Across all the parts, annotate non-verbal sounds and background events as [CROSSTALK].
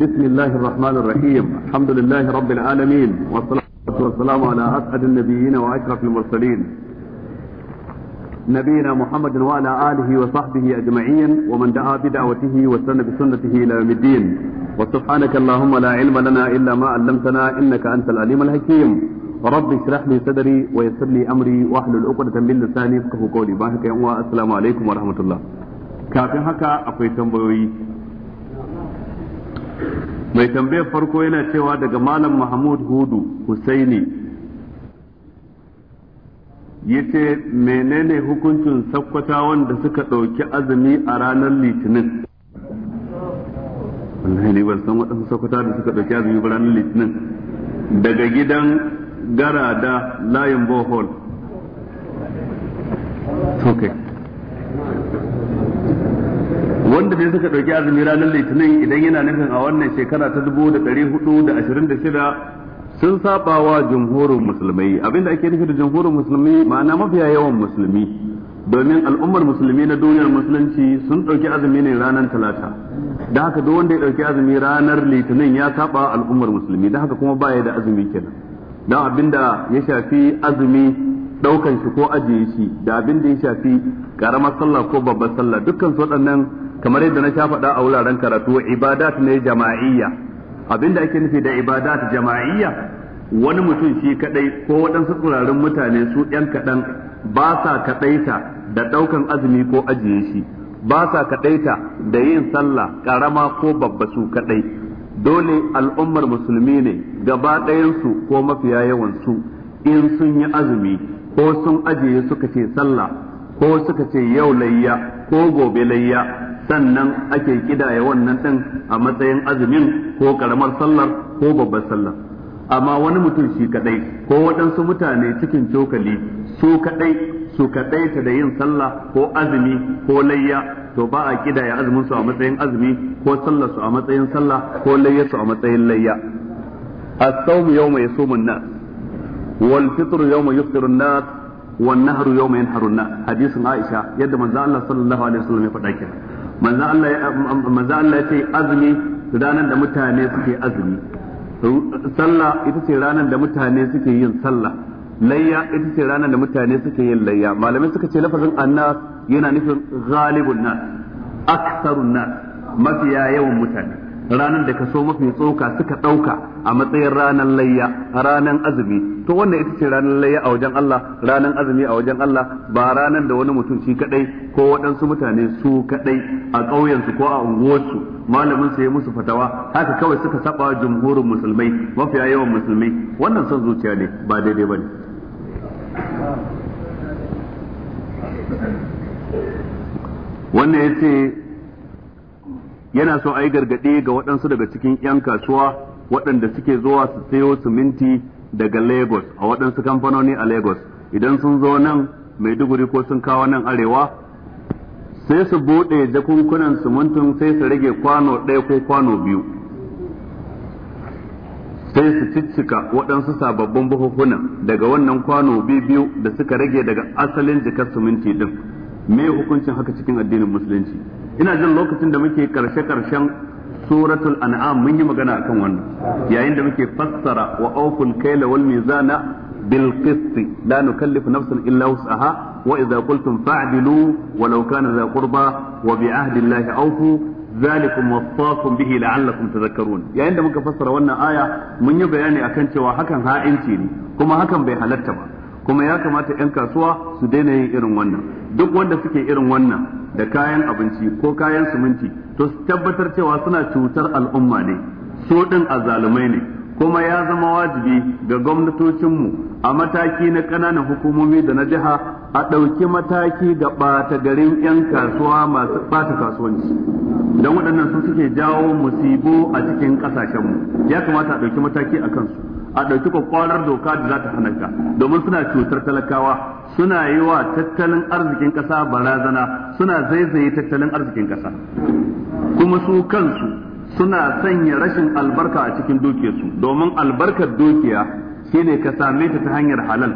بسم الله الرحمن الرحيم الحمد لله رب العالمين والصلاة والسلام على أسعد النبيين وأشرف المرسلين نبينا محمد وعلى آله وصحبه أجمعين ومن دعا بدعوته واستنى بسنته إلى يوم الدين وسبحانك اللهم لا علم لنا إلا ما علمتنا إنك أنت العليم الحكيم رب اشرح لي صدري ويسر لي أمري واحلل عقدة من لساني يفقهوا قولي باهك يا السلام عليكم ورحمة الله كافي هكا أقوي تنبوي mai tambayar farko yana cewa daga malam mahmud hudu husaini yace menene hukuncin sakwata wanda suka ɗauki azumi a ranar litinin wallahi ne ban san waɗansu sakwata da suka ɗauki azumi a ranar litinin daga gidan garada layin bohol wanda dai suka ɗauki azumi ranar litinin idan yana nufin a wannan shekara ta dubu da ɗari hudu da ashirin da shida sun saba wa jamhurin musulmai abinda ake nufi da jamhurin musulmi ma'ana mafiya yawan musulmi domin al'ummar musulmi na duniyar musulunci sun ɗauki azumi ne ranar talata da haka duk wanda ya ɗauki azumi ranar litinin ya saba al'ummar musulmi da haka kuma baya da azumi kenan Dan abinda ya shafi azumi ɗaukan shi ko ajiye shi da abinda ya shafi karamar sallah ko babbar sallah dukkan su waɗannan kamar yadda na sha faɗa a wuraren karatu ibadat ne jama'iyya abinda ake nufi da ibadat jama'iyya wani mutum shi kadai ko waɗansu tsirarin mutane su ɗan kaɗan ba sa kaɗaita da ɗaukan azumi ko ajiye shi ba sa kaɗaita da yin sallah ƙarama ko babba su kaɗai dole al'ummar musulmi ne gaba ɗayansu ko mafiya yawansu in sun yi azumi ko sun ajiye suka ce sallah ko suka ce yau layya ko gobe layya sannan ake kidaya wannan din a matsayin azumin ko karamar sallar ko babbar sallar amma wani mutum shi kadai ko waɗansu mutane cikin cokali su kadai su kadai ta da yin sallah ko azumi ko layya to ba a kidaya azumin su a matsayin azumi ko sallar su a matsayin sallah ko layya su a matsayin layya as-sawm yawma yasumun nas wal fitr yawma yufṭirun nas nahru yawma yanharun nas hadisin aisha yadda manzo الله sallallahu alaihi wasallam ya faɗa kenan manza Allah ya ce azumi ranar da mutane suke azumi sallah ita ce ranar da mutane suke yin sallah layya ita ce ranar da mutane suke yin layya malamai suka ce lafazin annas yana nufin ghalibun nas aktharun nas mafiya yawan mutane ranar da ka so mafi tsoka suka ɗauka a matsayin ranar layya ranar azumi to wannan ita ce ranar layya a wajen Allah ranar azumi a wajen Allah ba ranar da wani mutum shi kadai ko waɗansu mutane su kadai a ƙauyensu ko a unguwarsu malamin sa ya musu fatawa haka kawai suka saba jumhurin musulmai mafi yawan musulmai wannan son zuciya ne ba daidai bane wannan yace yana so a yi gargaɗe ga waɗansu daga cikin 'yan kasuwa waɗanda suke zuwa su sayo siminti daga lagos a waɗansu kamfanoni a lagos idan sun zo nan maiduguri ko sun kawo nan arewa sai su buɗe jakunkunan simintin sai su rage kwano ɗaya ko kwano biyu sai su ciccika waɗansu sababbin buhuhuna daga wannan kwano biyu da suka rage daga asalin jikar siminti ɗin me hukuncin haka cikin addinin musulunci ina jin lokacin da muke karshe karshen suratul an'am mun yi magana akan wannan yayin da muke fassara wa awful kayla wal mizana bil qist la nukallifu nafsan illa wus'aha wa idza qultum fa'dilu walau kana za qurba wa bi ahdi llahi awfu zalikum wasaqum bihi la'allakum tadhakkarun yayin da muka fassara wannan aya mun yi bayani akan cewa hakan ha'inci ne kuma hakan bai halatta ba kuma ya kamata 'yan kasuwa su daina yin irin wannan duk wanda suke irin wannan da kayan abinci ko kayan siminti to su tabbatar cewa suna cutar al'umma ne su ɗin azzalumai ne kuma ya zama wajibi ga gwamnatocinmu a mataki na ƙananan hukumomi da na jiha a ɗauki mataki da ɓata garin 'yan kasuwa masu ɓata kasuwanci don waɗannan su suke jawo musibo a cikin ƙasashenmu ya kamata a ɗauki mataki a kansu a ɗauki kwakwalar doka da za ta hana ka domin suna cutar talakawa suna yi wa tattalin arzikin ƙasa barazana suna zaizaye tattalin arzikin ƙasa kuma su kansu suna sanya rashin albarka a cikin dukiyarsu domin albarkar dukiya shine ka same ta ta hanyar halal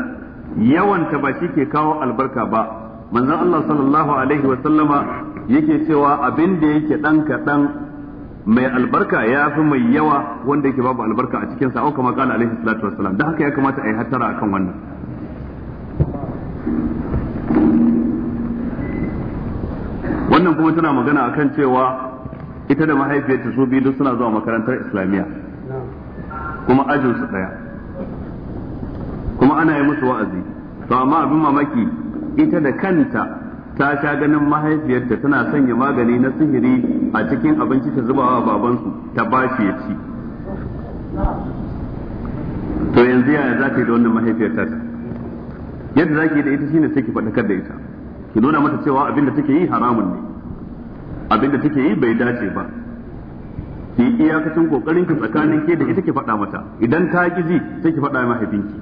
yawanta ba shi ke kawo albarka ba manzon Allah sallallahu alaihi wa sallama yake cewa abin da yake ɗan kaɗan mai albarka ya fi mai yawa wanda yake babu albarka a cikin sa'o kama kala alaihi salatu wassalam da haka ya kamata a yi hattara akan wannan wannan kuma tana magana akan cewa ita da mahaifiyarta su biyu duk suna zuwa makarantar islamiyya kuma ajin su daya kuma ana yi musu wa'azi to amma abin mamaki ita da kanta ta sha ganin mahaifiyarta tana sanya magani na sihiri a cikin abinci ta zubawa babansu ta bashi ya ci to yanzu yaya za ka yi da wannan mahaifiyarta yadda za ki yi da ita shine sai ki faɗakar da ita ki nuna mata cewa abin da take yi haramun ne abinda take yi bai dace ba ki iyakacin kokarin ki tsakanin ke da ita ki faɗa mata idan ta ki ji sai ki faɗa mahaifinki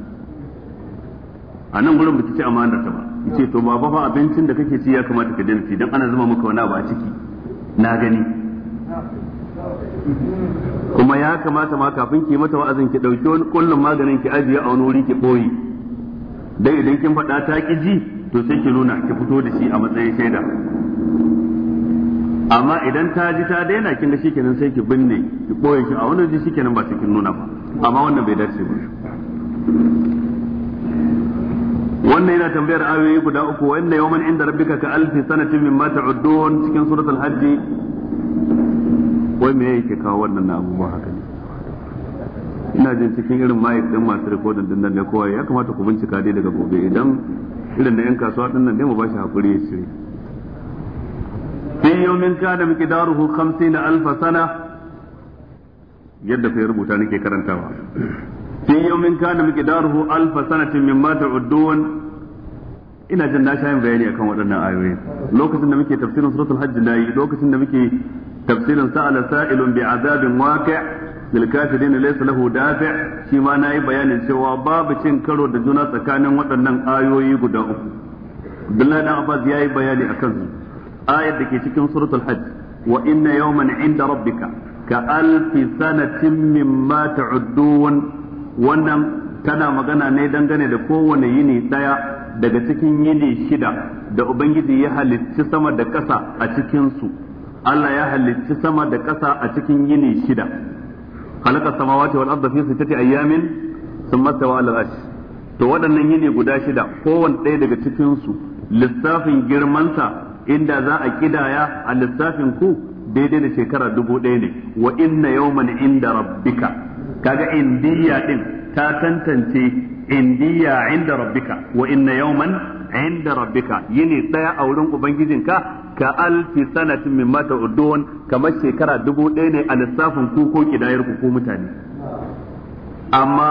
a nan gurin ba ki ci amanar ta ba ce to baba fa abincin da kake ci ya kamata ka daina dan ana zama maka wani abu a ciki na gani kuma ya kamata ma kafin ki mata wa'azin ki dauki wani kullun maganin ki ajiye a wani wuri ki boye dan idan kin faɗa ta ki ji to sai ki nuna ki fito da shi a matsayin shaida amma idan ta ji ta daina kin ga shikenan sai ki binne ki koye shi a wannan waje shikenan ba sai nuna ba amma wannan bai dace ba wannan yana tambayar ayoyi guda uku wa inna yawman inda rabbika ka alfi sanatin mimma ta'udun cikin suratul hajji wai me yake kawo wannan na haka ne ina jin cikin irin mayik din masu rikodin din nan ne kowa ya kamata ku bincika dai daga gobe idan irin da yan kasuwa din nan ne mu ba shi hakuri ya shirya fi yawmin kana miqdaruhu 50 alf sana yadda kai rubuta nake karantawa fi yawmin kana miqdaruhu alf sanatin mimma ta'uddun ina jin na shayin bayani akan waɗannan ayoyin lokacin da muke tafsirin suratul hajj na yi lokacin da muke tafsirin sa'ala sa'ilun bi azabin waqi' lil kafirin laysa lahu dafi' shi ma nayi bayanin cewa babu cin karo da juna tsakanin waɗannan ayoyi guda uku Abdullahi dan Abbas yayi bayani a su ayar da ke cikin suratul hajj wa inna yawman inda rabbika ka alfi sanatin mimma ta'uddun wannan tana magana ne dangane da kowane yini daya daga cikin yini shida da ubangiji ya halicci sama da ƙasa a cikin su Allah ya halicci sama da ƙasa a cikin yini shida khalaqa samawati wal arda fi sittati ayamin thumma masta wa al to waɗannan yini guda shida kowanne ɗaya daga cikin su lissafin girmansa inda za a kidaya a lissafin ku daidai da shekara dubu ɗaya ne wa inna yawman inda rabbika kaga indiya ɗin ta tantance indiya inda rabbika wa inna yawman inda rabbika yini daya a wurin ubangijinka ka alfi sanatin mimma ta'udun kamar shekara dubu ɗaya ne a lissafin ku ko kidayar ku ko mutane amma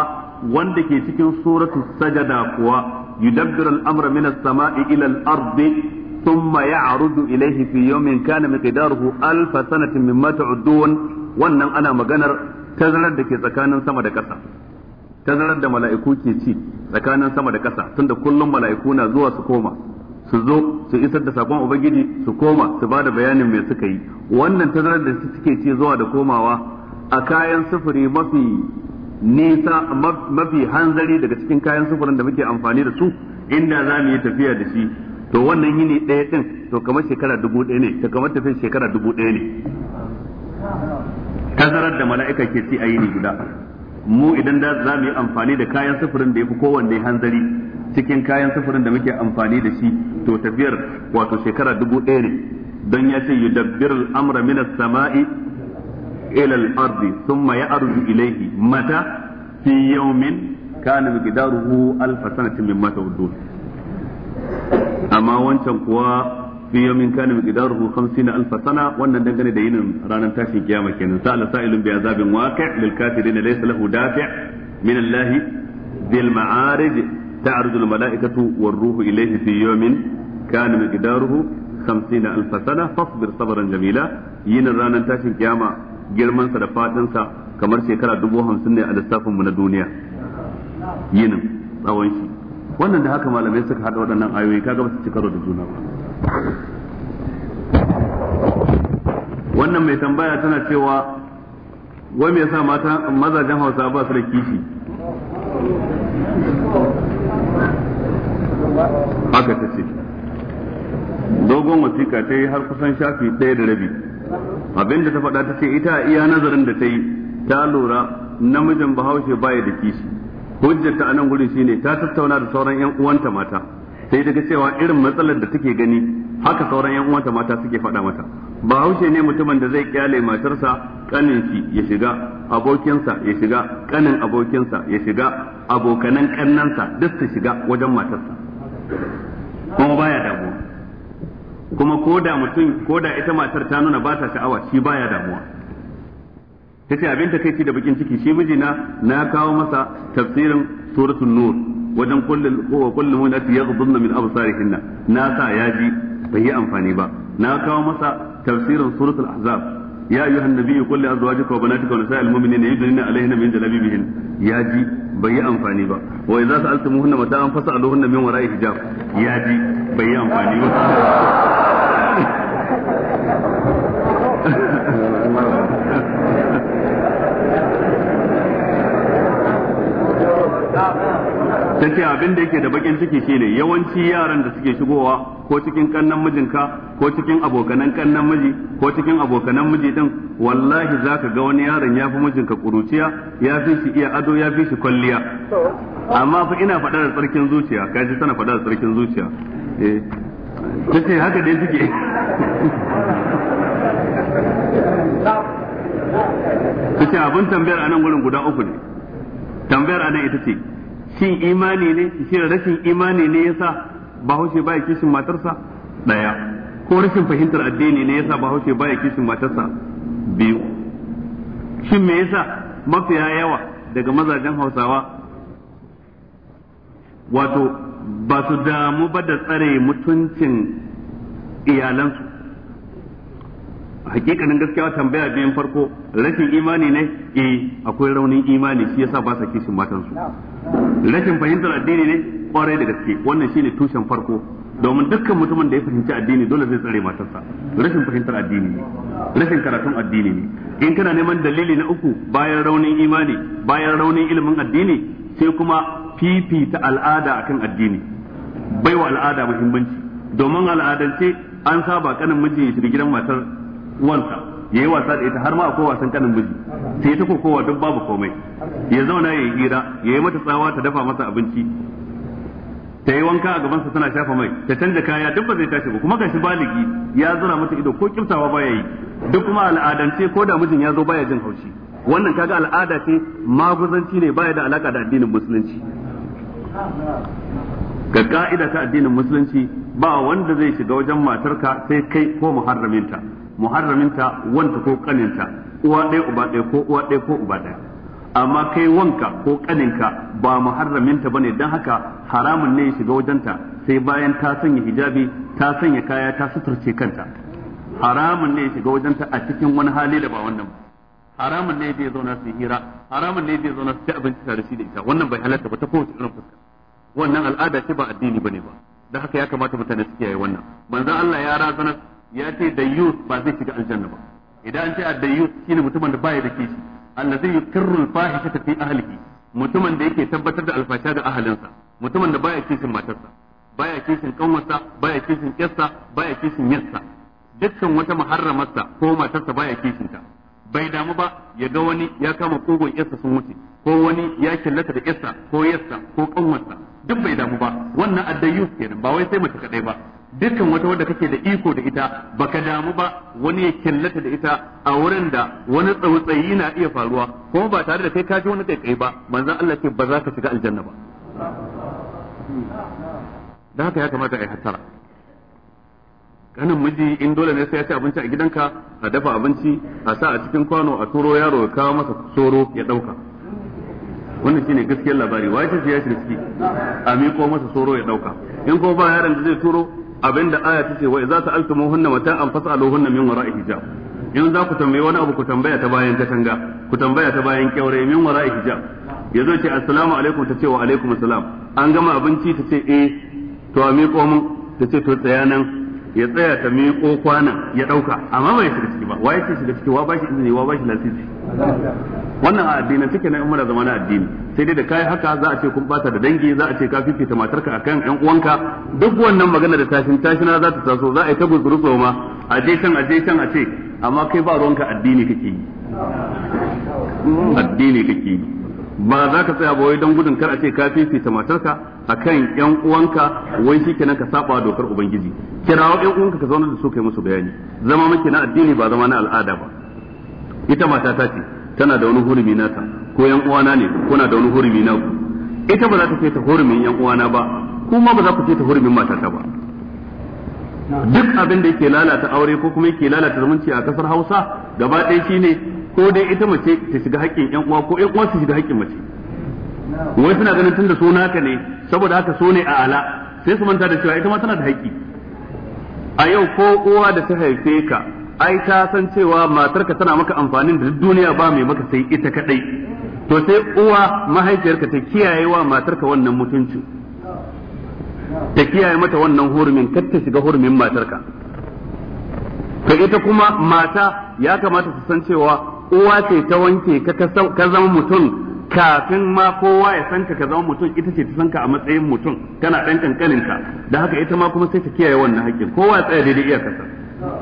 wanda ke cikin suratul sajada kuwa yudabbiru al-amra min samai ila al-ardi ثم يعرج إليه في يوم كان مقداره ألف سنة مما تعدون wannan ana maganar tazarar da ke tsakanin sama da ƙasa tazarar da mala'iku ke ci tsakanin sama da ƙasa tunda kullum mala'iku na zuwa su koma su zo su isar da sakon ubangiji su koma su ba bayanin mai suka yi wannan tazarar da suke ci zuwa da komawa a kayan sufuri mafi nisa mafi hanzari daga cikin kayan sufurin da muke amfani da su inda za mu yi tafiya da shi to wannan yini ɗaya ɗin to kamar shekara dubu ɗaya ne to kamar tafin shekara dubu ɗaya ne tazarar da mala'ika ke ci a yini guda mu idan da za mu yi amfani da kayan sufurin da ya fi kowanne hanzari cikin kayan sufurin da muke amfani da shi to tafiyar wato shekara dubu ɗaya ne don ya ce yudabbir al'amra min samai ila sun ma ya arzu ilaihi mata fi yawmin kana gidaruhu alf sanatin mata hudu. amma wancan kuwa fi yawmin kana miqdaruhu 50 alf sana wannan dangane da yinin ranar tashin kiyama kenan sa sa'ala sa'ilun bi azabin waqi' lil kafirin laysa lahu dafi' min Allah bil ma'arij ta'ruju al mala'ikatu war ruhu ilayhi fi yawmin kana miqdaruhu 50 alf sana fasbir sabran jamila yinin ranar tashin kiyama girman sa da fadin sa kamar shekara dubu hamsin ne a lissafin mu na duniya yinin tsawon shi wannan da haka malamai suka hada waɗannan ayoyi kaga ba su ci karo da juna ba wannan mai tambaya tana cewa wai me yasa mata mazajen Hausa ba su da kishi haka ta ce dogon wasiƙa ta yi har kusan shafi ɗaya da rabi abinda ta faɗa ta ce ita iya nazarin da ta yi ta lura namijin bahaushe baya da kishi hujjarta a nan shi shine ta tattauna da sauran yan uwanta mata sai daga cewa irin matsalar da take gani haka sauran yan uwanta mata suke faɗa mata ba haushe ne mutumin da zai kyale matarsa kanin shi ya shiga abokinsa ya shiga kanin abokinsa ya shiga abokanan kannansa duk su shiga wajen matarsa kuma baya damuwa kuma ko da mutum ko da ita matar ta nuna ba ta sha'awa shi baya damuwa tace abin takeici da bakin ciki shi mijina na kawo masa tafsirin suratul nur wajen kullul wa kullul munati yaghdhunna min absarihinna na sa yaji bai yi amfani ba na kawo masa tafsirin suratul ahzab ya ayyuha annabiyyu qul li azwajika wa banatika wa nisa'il mu'minina yudnina alayhinna min jalabibihin yaji bai yi amfani ba wa idza sa'altumuhunna mata'an fas'aluhunna min wara'i hijab yaji bai yi amfani ba [LAUGHS] ta ce abin da yake da bakin ciki shine yawanci yaran da suke shigowa ko cikin kannan mijinka ko cikin abokanan kannan miji ko cikin abokanan miji din wallahi zaka ga wani yaron ya fi mijinka kuruciya ya fi shi iya ado ya fi shi kwalliya amma fa ina faɗa da tsarkin zuciya ji tana faɗa da tsarkin zuciya eh tace haka dai suke tace abin tambayar nan gurin guda uku ne tambayar a nan ita ce shin imani ne shin rashin imani ne yasa bahaushe baya kishin matarsa daya ko rashin fahimtar addini ne yasa bahaushe baya kishin matarsa biyu shin me yasa mafiya yawa daga mazajen hausawa wato ba su damu ba da tsare mutuncin iyalansu hakikanin gaskiya tambaya biyan farko rashin imani ne eh akwai raunin imani shi yasa ba sa kishin matansu rashin fahimtar addini ne kwarai da gaske wannan shi ne tushen farko domin dukkan mutumin da ya fahimci addini dole zai tsare matarsa rashin fahimtar addini ne rashin karatun addini ne in kana neman dalili na uku bayan raunin imani bayan raunin ilimin addini sai kuma fifita al'ada akan addini bai wa al'ada muhimmanci domin al'adance an saba kanin miji ya shiga gidan matar wansa yayi wasa da ita har ma akwai wasan kanin miji sai ta kokowa duk babu komai ya zauna yayi hira yayi mata tsawa ta dafa masa abinci ta yi wanka a gabansa tana shafa mai ta canza kaya duk ba zai tashi ba kuma gashi baligi ya zura mata ido ko kimtawa baya yi duk kuma al'adance ko da mijin ya zo baya jin haushi wannan kaga al'ada ce maguzanci ne baya da alaka da addinin musulunci ga ka'ida ta addinin musulunci ba wanda zai shiga wajen matarka sai kai ko muharraminta muharraminta wanta ko kaninta uwa ɗaya uba ɗaya ko uwa ɗaya ko uba ɗaya amma kai wanka ko kaninka ba muharraminta bane dan haka haramun ne ya shiga wajenta sai bayan ta sanya hijabi ta sanya kaya ta suturce kanta haramun ne ya shiga wajenta a cikin wani hali da ba wannan haramun ne zai zauna su hira haramun ne zai zauna su ci abinci tare shi da ita wannan bai halatta ba ta kowace irin fuska wannan al'ada ce ba addini bane ba da haka ya kamata mutane su kiyaye wannan manzo Allah ya razana ya ce dayyus ba zai shiga aljanna ba idan an ce a shi shine mutumin da baya da kishi allazi yukirru al fi ahlihi mutumin da yake tabbatar da alfasha ga ahalinsa mutumin da baya kishin matarsa baya kishin kanwarsa baya kishin kyarsa baya kishin yarsa dukkan wata muharramarsa ko matarsa baya kishinta bai damu ba ya ga wani ya kama kogon yarsa sun wuce ko wani ya killata da yarsa ko yarsa ko kanwarsa duk bai damu ba wannan addayu kenan ba wai sai mace kadai ba dukkan wata wadda kake da iko da ita baka damu ba wani ya killata da ita a wurin da wani tsautsayi na iya faruwa kuma ba tare da kai ka ji wani kai ba manzon Allah ce ba za ka shiga aljanna ba da haka ya kamata a yi hattara kanin miji in dole ne sai ya ci abinci a gidanka a dafa abinci a sa a cikin kwano a turo yaro ya kawo masa soro ya dauka wannan shine gaskiyar labari wai ce ya shiga ciki a miƙo masa soro ya dauka in kuma ba yaron da zai turo abinda aya ta ce wa idza sa'altumuhunna mata'an fas'aluhunna min wara'i hijab in za ku tambayi wani abu ku tambaya ta bayan katanga ku tambaya ta bayan kyaure min wara'i hijab zo ce assalamu alaikum ta ce wa alaikum assalam an gama abinci ta ce eh to a miƙo mun ta ce to tsaya nan ya tsaya ta miƙo kwanan ya ɗauka amma bai shiga ciki ba wa yake shiga ciki wa shi izini wa shi lasisi wannan a addinin take na umar zama na addini sai dai da kai haka za a ce kun bata da dangi za a ce ka fifita matarka akan ƴan uwanka duk wannan magana da tashin tashina za ta taso za a yi ta gurgurzo ma a je can a je can a ce amma kai ba ruwanka addini kake yi addini kake yi ba za ka tsaya ba wai don gudun kar a ce ka fi fita matarka a kan ƴan uwanka wai kenan ka saba dokar ubangiji kirawo ƴan uwanka ka zauna da su kai musu bayani zama maki na addini ba zama na al'ada ba ita mata ta ce tana da wani hurumi ta ko ƴan uwana ne kuna da wani hurumi na ku ita ba za ta ce ta hurumin ƴan uwana ba kuma ba za ku ce ta hurumin matata ba duk abin da yake lalata aure ko kuma yake lalata zumunci a kasar Hausa gaba ɗaya shine ko dai ita mace ta shiga haƙƙin ƴan uwa ko ƴan uwa su shiga haƙƙin mace wai suna ganin tunda so naka ne saboda haka so ne a ala sai su manta da cewa ita ma tana da haƙƙi a yau ko uwa da ta haife ka ai ta san cewa matarka tana maka amfanin da duk duniya ba mai maka sai ita kaɗai? to sai uwa mahaifiyarka ta kiyaye wa matarka wannan mutunci ta kiyaye mata wannan hurumin kar ta shiga hurumin matarka to ita kuma mata ya kamata su san cewa uwa ce ta wanke ka zama mutum kafin ma kowa ya san ka zama mutum ita ce ta san ka a matsayin mutum kana dan kankanin ka da haka ita ma kuma sai ta kiyaye wannan haƙƙin kowa ya tsaya daidai kasa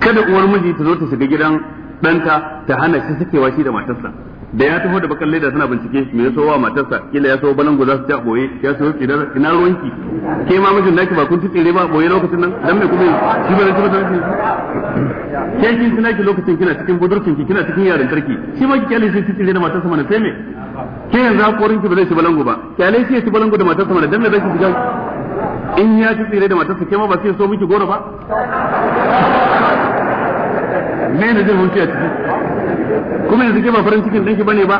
kada uwar miji ta zo ta shiga gidan ɗanta ta hana shi sakewa shi da matarsa da ya taho da bakan leda suna bincike me ya sowa matarsa kila ya sowa balango za su ci a boye ya sowa tsirar ina ruwanki ke ma mijin naki ba kun ci tsire ba boye lokacin nan dan me kuma shi ba ci ba dan ke kin kina ki lokacin kina cikin budurkin ki kina cikin yaran tarki shi ma ki kyale sai ci tsire da matarsa mana sai me ke yanzu hakorin ki ba zai ci balango ba kyale shi ya ci balango da matarsa mana dan me zai ci gidan in ya ci tsire da matarsa ke ma ba sai so miki goro ba ne ne zai a ciki kuma yanzu ke ba farin cikin ɗinki bane ba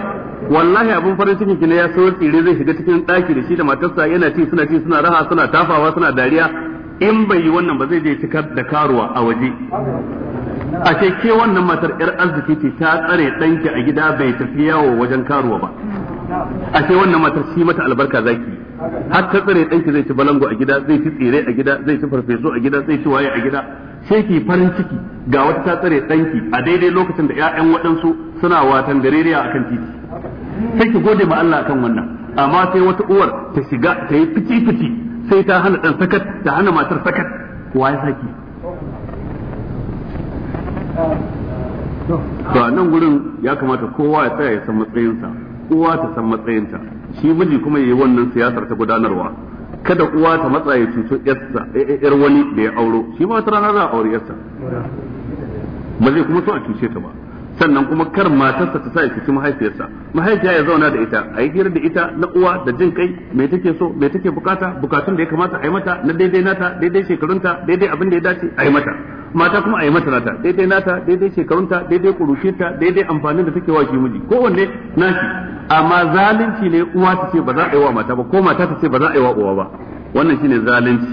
wallahi abin farin cikin ki ne ya so tsire zai shiga cikin ɗaki da shi da matarsa yana ci suna ci suna raha suna tafawa suna dariya in bai yi wannan ba zai je cikar da karuwa a waje ashe ke wannan matar yar arziki ce ta tsare ɗanki a gida bai tafi yawo wajen karuwa ba ashe wannan matar shi mata albarka zaki har ta tsare ɗanki zai ci balango a gida zai ci tsire a gida zai ci farfeso a gida zai ci waye a gida sai ki farin ciki ga wata ta tsare danki a daidai lokacin da ƴaƴan waɗansu suna watan gareriya kan titi sai ki gode ma Allah akan wannan amma sai wata uwar ta shiga ta yi fici fici sai ta hana ɗan sakat ta hana matar sakat waye saki to nan gurin ya kamata kowa ya tsaya ya san matsayinsa uwa ta san matsayinta shi miji kuma yayi wannan siyasar ta gudanarwa kada uwa ta matsa ya cuto yarsa yar wani da ya auro shi ma wata rana za a aure yarsa ba zai kuma so a cuce ta ba sannan kuma kar matarsa ta sa ya mahaifiyarsa mahaifiya ya zauna da ita a yi hira da ita na uwa da jin kai me take so me take bukata bukatun da ya kamata a yi mata na daidai nata daidai shekarunta daidai abin da ya dace a yi mata mata kuma a yi mata nata daidai nata daidai shekarunta daidai kurushinta daidai amfanin da take wa shi miji kowanne nashi amma zalunci ne uwa ta ce ba za a yi wa mata ba ko mata ta ce ba za a yi wa uwa ba wannan shine zalunci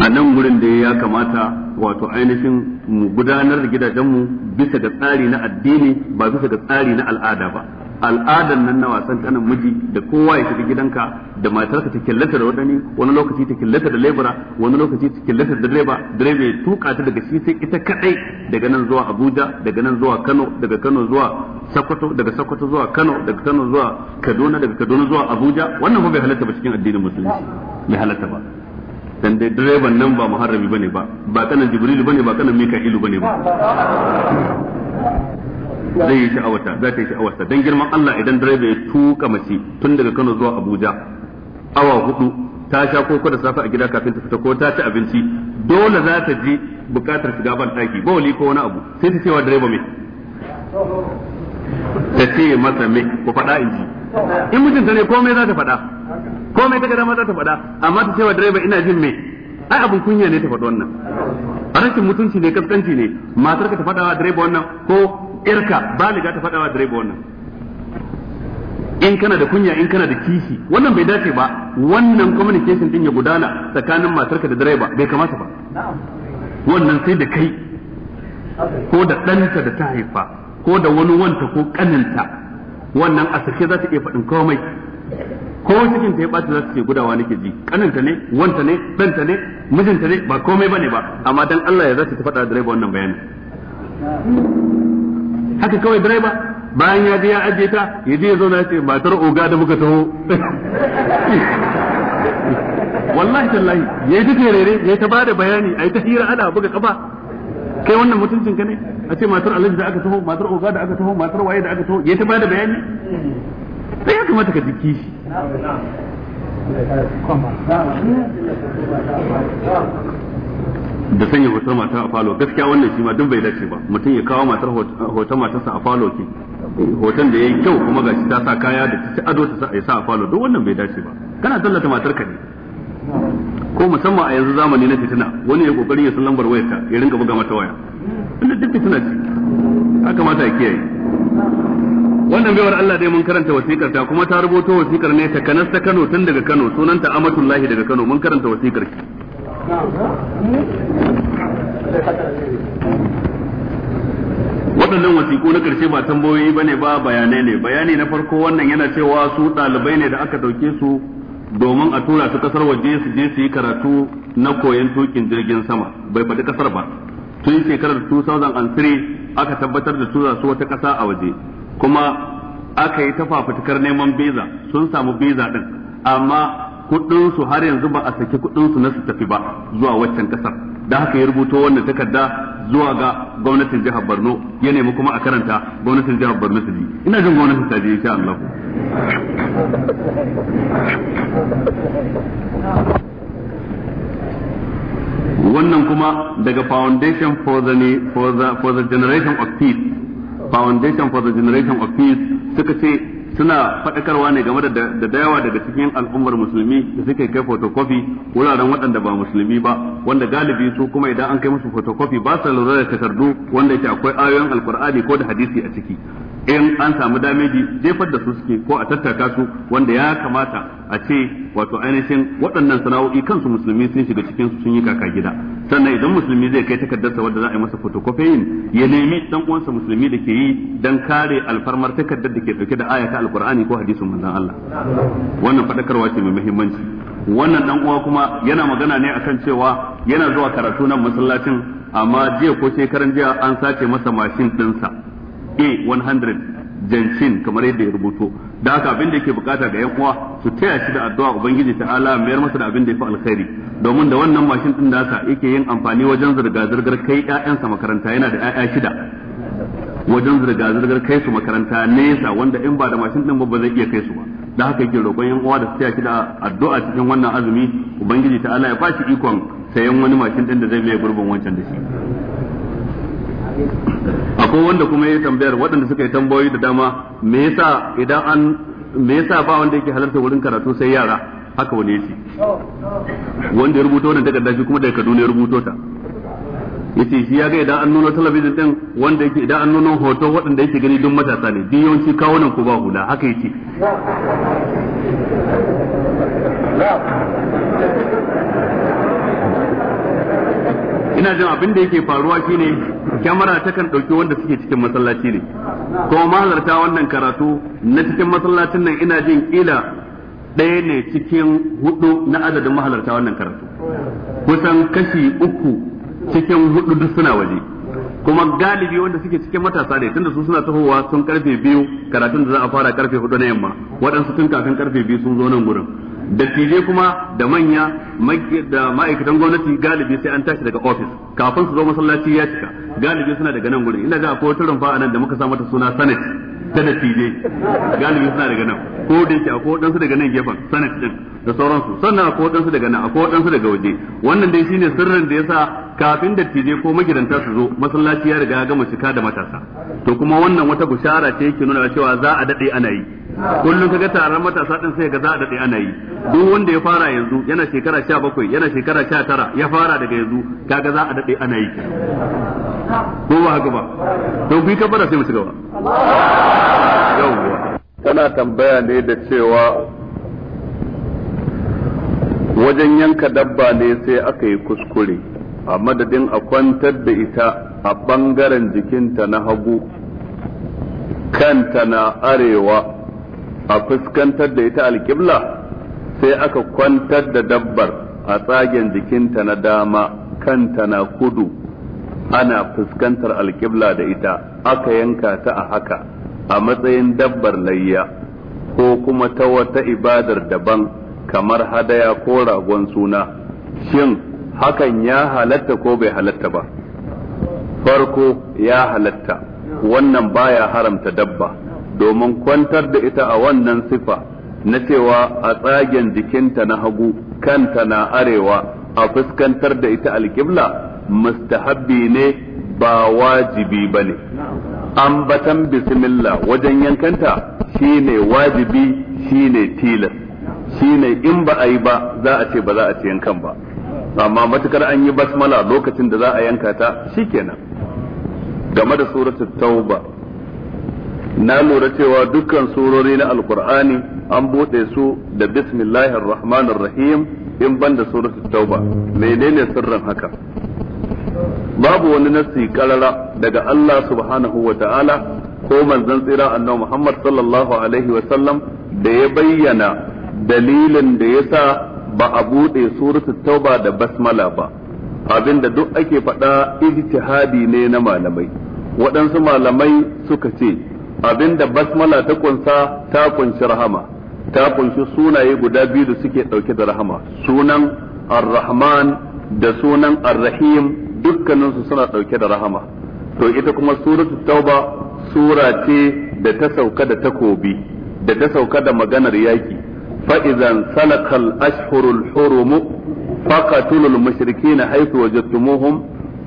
a nan gurin da ya kamata wato ainihin mu gudanar da gidajenmu bisa ga tsari na addini ba bisa ga tsari na al'ada ba al'adan nan na wasan kanan miji da kowa ya shiga gidanka da matarka ta killata da wadani wani lokaci ta killata da lebura wani lokaci ta killata da direba direba ya tuka ta daga shi sai ita kadai daga nan zuwa Abuja daga nan zuwa Kano daga Kano zuwa Sokoto daga Sokoto zuwa Kano daga Kano zuwa Kaduna daga Kaduna zuwa Abuja wannan ba bai halatta ba cikin addinin musulunci bai halatta ba dan dai direban nan ba muharrami bane ba ba kanan jibrilu bane ba kanan mika'ilu bane ba zai yi sha'awata za ta yi dan girman Allah idan direba ya tuka mace tun daga Kano zuwa Abuja awa hudu ta sha koko da safa a gida kafin ta fita ko ta ci abinci dole za ta ji bukatar shiga ban daki ba wali ko wani abu sai ta cewa direba me ta ce masa me ku faɗa in ji in mutunta ne komai za ta faɗa komai ta ga dama za ta faɗa amma ta cewa direba ina jin me ai abin kunya ne ta faɗi wannan rashin mutunci ne kaskanci ne matarka ta faɗawa direba wannan ko irka baliga ta faɗawa direba wannan in kana da kunya in kana da kishi wannan bai dace ba wannan communication din ya gudana tsakanin matarka da direba bai kamata ba wannan sai da kai ko da ɗanta da ta haifa ko da wani wanta ko ƙaninta. wannan a sake za ta iya faɗin komai ko cikin ta ya ɓata za ta ce gudawa nake ji kaninta ne wanta ne ɗanta ne mijinta ne ba komai bane ba amma dan Allah ya za ta faɗa direba wannan bayani haka kawai direba bayan ya je ya ajiye ta ya je ya zauna ya ce matar oga da muka taho [LAUGHS] wallahi tallahi yayi ta rere yayi ta bada bayani ai ta hira ana buga kafa kai wannan mutuncin ka ne a ce matar alaji da aka taho matar oga da aka taho matar waye da aka taho ya ta bada bayani sai ya kamata ka jiki shi da sanya hotar mata a falo gaskiya wannan shi ma duk bai dace ba mutum ya kawo matar hoton matarsa a falo ke hoton da ya yi kyau kuma gashi ta sa kaya da ta ci ado ta sa a falo duk wannan bai dace ba kana tallata matar ka ne ko musamman a yanzu zamani na fitina wani ya kokari ya san lambar wayarka ya ringa buga mata waya inda duk fitina ce ya kamata ya kiyaye wannan baiwar Allah dai mun karanta wasikar ta kuma ta rubuto wasikar ne ta kanas ta Kano tun daga Kano sunanta Amatullahi daga Kano mun karanta wasikar ki waɗannan wasiƙu na ƙarshe ba tambayoyi bane ba bayanai ne bayani na farko wannan yana cewa su ɗalibai ne da aka ɗauke su domin a tura su kasar waje su je su yi karatu na koyon tukin jirgin sama bai faɗi kasar ba tun shekarar 2003 aka tabbatar da tura su wata kasa a waje kuma aka yi ta fafutukar neman biza sun samu biza din amma kudin su har yanzu ba a saki kudin su na su tafi ba zuwa waccan kasar da haka ya rubuto wannan takarda zuwa ga gwamnatin jihar Borno ya nemi kuma a karanta gwamnatin jihar Borno su ji ina jin gwamnatin ta je insha Allah wannan kuma daga foundation for the, for the for the generation of peace foundation for the generation of peace suka ce suna faɗakarwa ne game da da yawa daga cikin al'ummar musulmi da suke kai photocopy wuraren waɗanda ba musulmi ba wanda galibi su kuma idan an kai musu photocopy ba sa lura da takardu wanda yake akwai ayoyin alkur'ani ko da hadisi a ciki in an samu dameji jefar da su suke ko a tattaka su wanda ya kamata a ce wato ainihin waɗannan sana'o'i kansu musulmi sun shiga cikin sun yi kaka gida sannan idan musulmi zai kai takardarsa wanda za a yi masa photocopying ya nemi dan uwansa musulmi da ke yi dan kare alfarmar takardar da ke dauke da ayata alqur'ani ko hadisin manzon Allah wannan fadakarwa ce mai muhimmanci wannan dan uwa kuma yana magana ne akan cewa yana zuwa karatu nan masallacin amma jiya ko shekaran jiya an sace masa mashin ɗinsa. A100 jancin kamar yadda ya rubuto da haka abin da yake bukata ga yan uwa su taya shi da addu'a ubangiji ta'ala mayar masa da abin da yafi alkhairi domin da wannan mashin din da yake yin amfani wajen zirga zirgar kai ƴaƴansa makaranta yana da ƴaƴa shida wajen zirga zirgar kai su makaranta nesa wanda in ba da mashin din ba zai iya kai su ba da haka yake roƙon yan uwa da su taya shi da addu'a cikin wannan azumi ubangiji ta'ala ya bashi ikon sayan wani mashin din da zai mai gurbin wancan da shi akwai wanda kuma ya tambayar waɗanda suka yi tambayoyi da dama me yasa idan an me yasa ba wanda yake halarta wurin karatu sai yara haka wani yace wanda ya rubuta wannan takarda shi kuma daga Kaduna ya rubuto ta yace shi ya ga idan an nuna talabijin din wanda yake idan an nuna hoto waɗanda yake gani duk matasa ne duk yawanci kawo nan ko ba hula haka yace ina jin abin da yake faruwa shine kyamara takan ɗauki wanda suke cikin masallaci ne kuma mahalarta wannan karatu na cikin masallacin nan ina jin ila ɗaya ne cikin hudu na adadin mahalarta wannan karatu kusan kashi uku cikin hudu duk suna waje kuma galibi wanda suke cikin matasa ne tunda su suna tahowa sun karfe biyu karatun da za a fara karfe hudu na yamma waɗansu tun kafin karfe biyu sun zo nan gurin dattijai kuma da manya da ma'aikatan gwamnati galibi sai an tashi daga ofis kafin su zo masallaci ya cika galibi suna daga nan gurin ina za akwai wata rumfa a nan da muka sa mata suna sanad da dattijai galibi suna daga nan ko da yake akwai waɗansu daga nan gefen sanat din da sauransu sannan akwai waɗansu daga nan akwai waɗansu daga waje wannan dai shine sirrin da yasa kafin dattijai ko magidanta su zo masallaci ya riga ya gama cika da matasa to kuma wannan wata bushara ce yake nuna cewa za a daɗe ana yi kullum kaga taron matasa din sai ga za a dade ana yi duk wanda ya fara yanzu yana shekara 17 yana shekara 19 ya fara daga yanzu kaga za a dade ana yi ko ba haka ba to ku ka bara sai mu ci gaba yawwa tana tambaya ne da cewa wajen yanka dabba ne sai aka yi kuskure a madadin a kwantar da ita a ɓangaren jikinta na hagu kanta na arewa a fuskantar da ita alƙibla sai aka kwantar da dabbar a tsagen jikinta na dama kanta na kudu ana fuskantar alƙibla da ita aka yanka ta a haka a matsayin dabbar layya ko kuma ta wata ibadar daban kamar hadaya ko ragon suna shin hakan ya halatta ko bai halatta ba farko ya halatta wannan baya haramta dabba domin kwantar da ita a wannan sifa na cewa a tsagen jikinta na hagu kanta na arewa a fuskantar da ita alƙibla mustahabbi ne ba wajibi ba ne ambatan bismillah wajen yankanta shine wajibi shine tilas shine in ba a yi ba za a ce ba za a ci yankan ba amma matukar an yi basmala lokacin da za a yanka ta shikenan game da suratul tauba na lura cewa dukkan surori na alkur'ani an bude su da bismillahir rahmanir rahim in ban da suratul tauba menene sirrin haka babu wani nassi karara daga Allah subhanahu wa ta'ala ko manzon tsira annabi Muhammad sallallahu alaihi wa sallam da ya bayyana dalilin da yasa ba a bude suratul tauba da basmala ba abinda duk ake faɗa ijtihadi ne na malamai waɗansu malamai suka ce abinda basmala ta kunsa ta kunshi rahama ta kunshi sunaye guda biyu da suke dauke da rahama sunan ar-rahman da sunan ar-rahim dukkanin su suna dauke da rahama to ita kuma suratu tauba sura ce da ta sauka da takobi da ta sauka da maganar yaki فإذا salakal ashhurul الحرم فقتلوا المشركين حيث وجدتموهم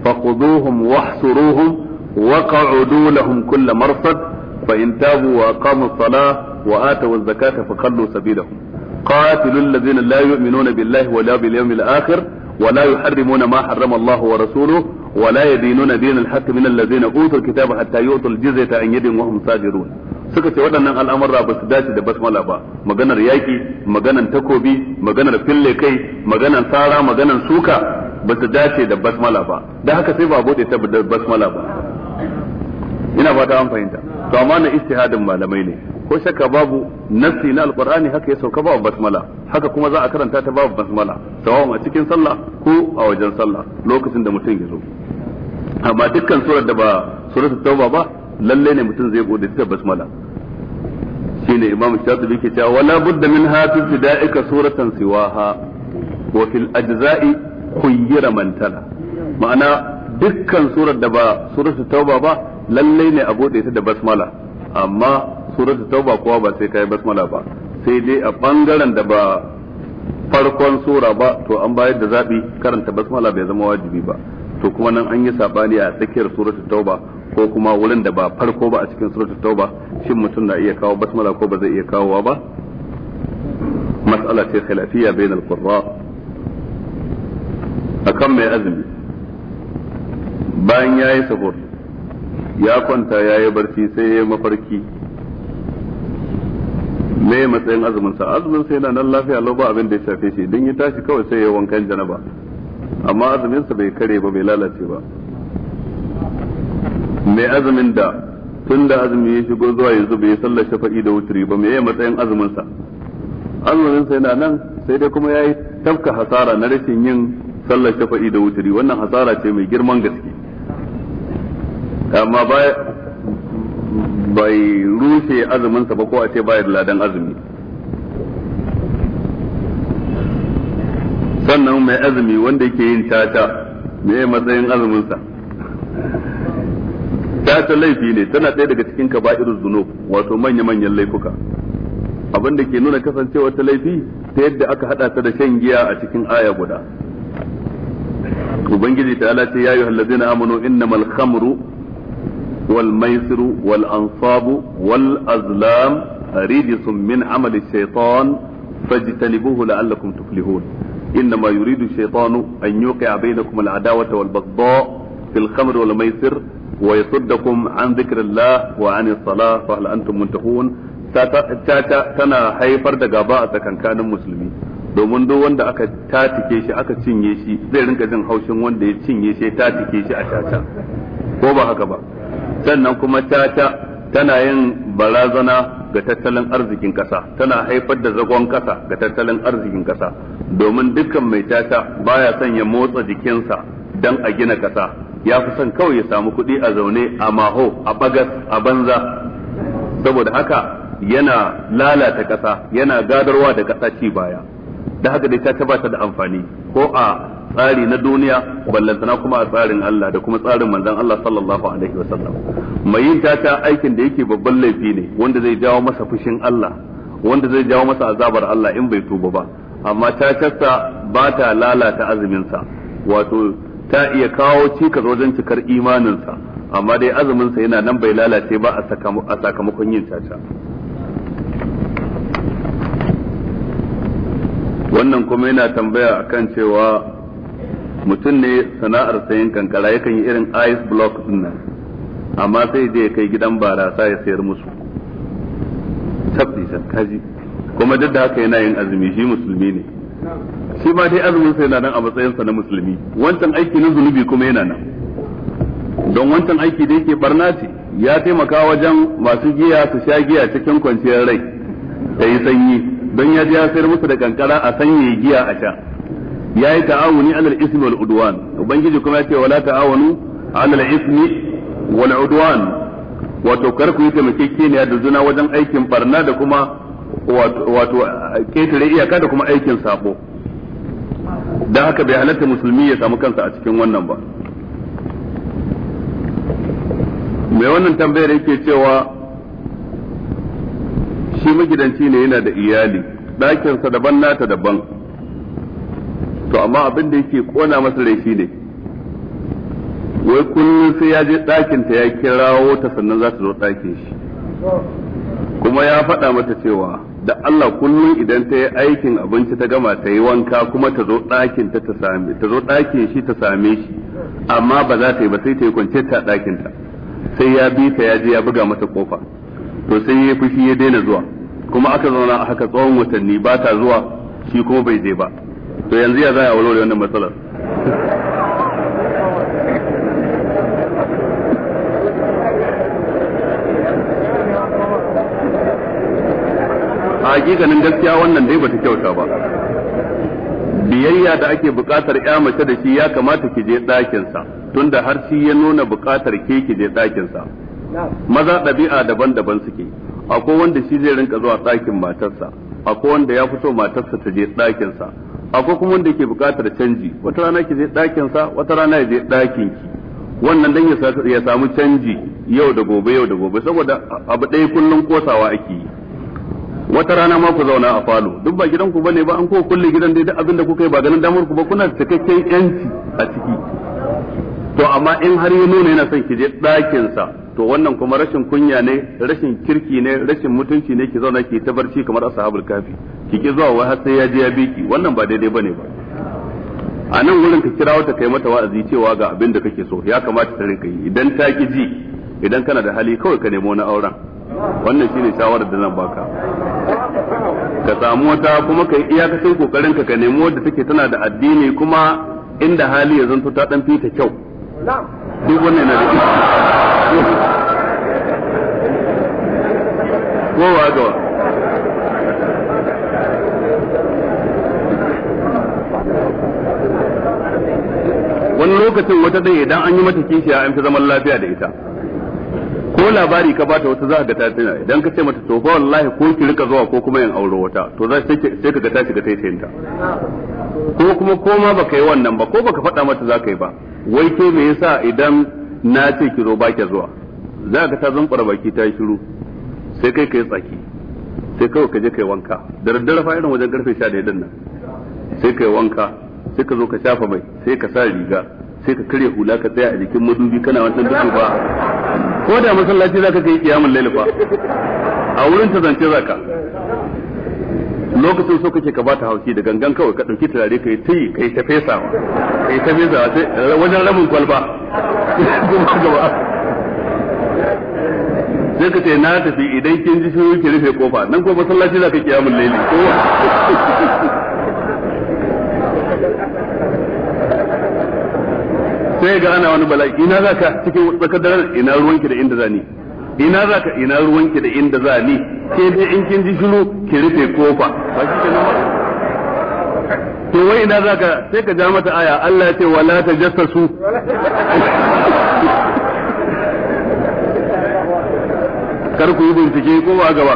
فخذوهم واحصروهم وقعدوا لهم كل مرصد fa in tabu wa aqamu salah wa atu zakata fa qallu sabilahum qatilul ladzina la yu'minuna billahi wa la bil yawmil akhir wa la ma wa rasuluhu ولا يدينون دين الحق من الذين اوتوا الكتاب حتى يؤتوا الجزيه عن يد وهم صاغرون suka ce waɗannan al'amurra ba su dace da basmala ba maganar yaƙi maganar takobi maganar fille kai maganar tsara maganar suka ba su dace da basmala ba da haka sai ba bude ta da basmala ba ina an fahimta to amma na istihadin malamai ne ko shakka babu nassi na alqur'ani haka ya sauka babu basmala haka kuma za a karanta ta babu basmala sawa'un a cikin sallah ko a wajen sallah lokacin da mutum ya zo amma dukkan surar da ba suratul tauba ba lalle ne mutum zai gode ta basmala shine imam shatibi ke cewa wala budda min hafi fidaika suratan siwaha wa fil ajza'i kuyyira mantala ma'ana dukkan surar da ba suratul tauba ba lallai ne a bude ta da basmala amma suratul tauba kowa ba sai kai basmala ba sai dai a bangaren da ba farkon sura ba to an bayar da zabi karanta basmala bai zama wajibi ba to kuma nan an yi sabani a tsakiyar suratul tauba ko kuma wurin da ba farko ba a cikin suratul tauba shin mutum na iya kawo basmala ko ba zai iya kawo ba mas'ala ce khilafiyya al qurra akan mai azumi bayan yayi sahur ya kwanta ya yi barci sai ya yi mafarki me matsayin azumin sa azumin sa yana nan lafiya lau ba abin da ya shafe shi don ya tashi kawai sai ya wankan janaba amma azumin sa bai kare ba bai lalace ba mai azumin da tun da azumi ya shigo zuwa yanzu bai sallar shafa'i da wuturi ba me matsayin azumin sa azumin sa yana nan sai dai kuma yayi tafka hasara na rashin yin sallar shafa'i da wuturi wannan hasara ce mai girman gaske amma bai rufe azuminsa ba ko a ce bayar ladan azumi sannan mai azumi wanda yake yin tata me matsayin azuminsa tata laifi ne tana ɗaya daga cikin kaba'irus zunub wato manya-manyan laifuka abin da ke nuna kasancewa ta laifi ta yadda aka hada ta da shan giya a cikin aya guda ubangiji ta ce ya yi hallazina amanu innamal khamru والميسر والأنصاب والأزلام رجس من عمل الشيطان فاجتنبوه لعلكم تفلحون إنما يريد الشيطان أن يوقع بينكم العداوة والبغضاء في الخمر والميسر ويصدكم عن ذكر الله وعن الصلاة فهل أنتم منتهون tata tana haifar da gaba a tsakankanin musulmi domin duk wanda aka tatike shi aka cinye shi zai rinka jin haushin wanda ya cinye shi ya tatike shi a tata ko ba haka ba sannan kuma caca tana yin barazana ga tattalin arzikin kasa tana haifar da zagon kasa ga tattalin arzikin kasa domin dukkan mai caca baya son ya motsa jikinsa Don a gina kasa ya fi son kawai ya samu kuɗi a zaune a maho a bagas a banza saboda haka yana lalata kasa yana gadarwa da kasa ci baya da haka dai ta ba ta da amfani ko a tsari na duniya ballantana kuma a tsarin Allah da kuma tsarin manzon Allah sallallahu alaihi wasallam mai yin tata aikin da yake babban laifi ne wanda zai jawo masa fushin Allah wanda zai jawo masa azabar Allah in bai tuba ba amma tatarsa ba ta lalata azuminsa wato ta iya kawo cikas wajen cikar imaninsa amma dai azuminsa yana nan bai lalace ba a sakamakon yin caca wannan kuma yana tambaya akan cewa mutum ne sana'ar sayan kankara yakan yi irin ice block din nan amma sai je kai gidan barasa ya sayar musu tabbisa kaji kuma duk da haka yana yin azumi shi musulmi ne shi ma dai azumin sai nan a matsayin sa na musulmi wancan aiki na zunubi kuma yana nan don wancan aiki da yake barna ce ya taimaka wajen masu giya su sha giya cikin kwanciyar rai ta yi sanyi don ya ya sayar musu da kankara a sanya giya a sha ya yi ta'awuni alal ismi wal udwan ubangiji kuma yake wala ta'awanu alal ismi wal udwan wato kar ku yi taimakekeniya da zuna wajen aikin barna da kuma wato ketare iyaka da kuma aikin sabo dan haka bai halatta musulmi ya samu kansa a cikin wannan ba mai wannan tambayar yake cewa shi magidanci ne yana da iyali ɗakinsa daban nata daban to amma abin da yake kona masa rai ne, wai kullum sai ya je ɗakin ta ya kirawo ta sannan za ta zo ɗakin shi kuma ya faɗa mata cewa da Allah kullum idan ta yi aikin abinci ta gama ta yi wanka kuma ta zo ɗakin ta ta same ta zo ɗakin shi ta same shi amma ba za ta yi ba sai ta yi kwance ta ɗakin ta sai ya bi ta ya je ya buga mata kofa to sai ya fushi ya daina zuwa kuma aka zauna a haka tsawon watanni ba ta zuwa shi kuma bai je ba to yanzu ya za a walwale wannan matsalar a hakikanin gaskiya wannan dai bata kyauta ba biyayya da ake bukatar ya mace da shi ya kamata ki je ɗakinsa tunda har shi ya nuna bukatar ke ki je ɗakinsa maza ɗabi'a daban-daban suke akwai wanda shi zai rinka zuwa ɗakin matarsa akwai wanda ya fito matarsa ta je ɗakinsa akwai kuma wanda ke buƙatar canji wata rana ki je ɗakin sa wata rana ya je ɗakin ki wannan dan ya samu canji yau da gobe yau da gobe saboda abu ɗaya kullum kosawa ake yi wata rana ma ku zauna a falo duk ba gidan ku bane ba an ko kulle gidan dai duk abin kuka yi ba ganin damar ku ba kuna cikakken yanci a ciki to amma in har ya nuna yana son ki je ɗakin sa to wannan kuma rashin kunya ne rashin kirki ne rashin mutunci ne ki zauna ki ta barci kamar ashabul kafi ki ki zuwa wai har sai ya je ya biki wannan ba daidai bane ba a nan wurin ka kira wata kai mata wa'azi cewa ga abin da kake so ya kamata ta rinka yi idan ta ki ji idan kana da hali kawai ka nemo na auren wannan shine shawarar da zan baka ka samu wata kuma ka yi iyakacin kokarin ka ka nemo wadda take tana da addini kuma inda hali ya zanto ta dan fita kyau duk wannan na da ga wani lokacin wata dai idan an yi mata kishiya an fi zaman lafiya da ita ko labari ka bata wata za ka ga ta idan ka ce mata to fa wallahi ko ki rika zuwa ko kuma yin aure wata to za sai ka ga ta shiga taitayinta ko kuma koma baka yi wannan ba ko baka faɗa mata za ka yi ba wai ke me yasa idan na ce ki zo baki zuwa za ka ta zumbura baki ta yi shiru sai kai ka yi tsaki sai kawai ka je kai wanka da daddare fa irin wajen karfe sha daya nan sai kai wanka sai ka zo ka shafa mai sai ka sa riga sai ka karya hula ka tsaya a jikin madubi kana wannan dubu ba ko da masallaci zaka kai kiyamul lail fa a wurin ta zance zaka lokacin so kake ka bata haushi da gangan kawai ka dauki turare kai tayi kai ta fesawa kai ta fesawa sai wajen ramin kwalba kuma sai ka ce na tafi idan kin ji shi ki rufe kofa nan kuma masallaci za ka kiyamul laili ko sai ga ana wani bala'i ina ka cikin tsakar daren ina ruwanki da inda zani ina za ka ina ruwanki da inda za ni ke dai in kin ji shiru ki rufe kofa ba shi kenan ba to wai ina za ka sai ka ja mata aya Allah ya ce wala tajassasu kar ku yi bincike ko ba gaba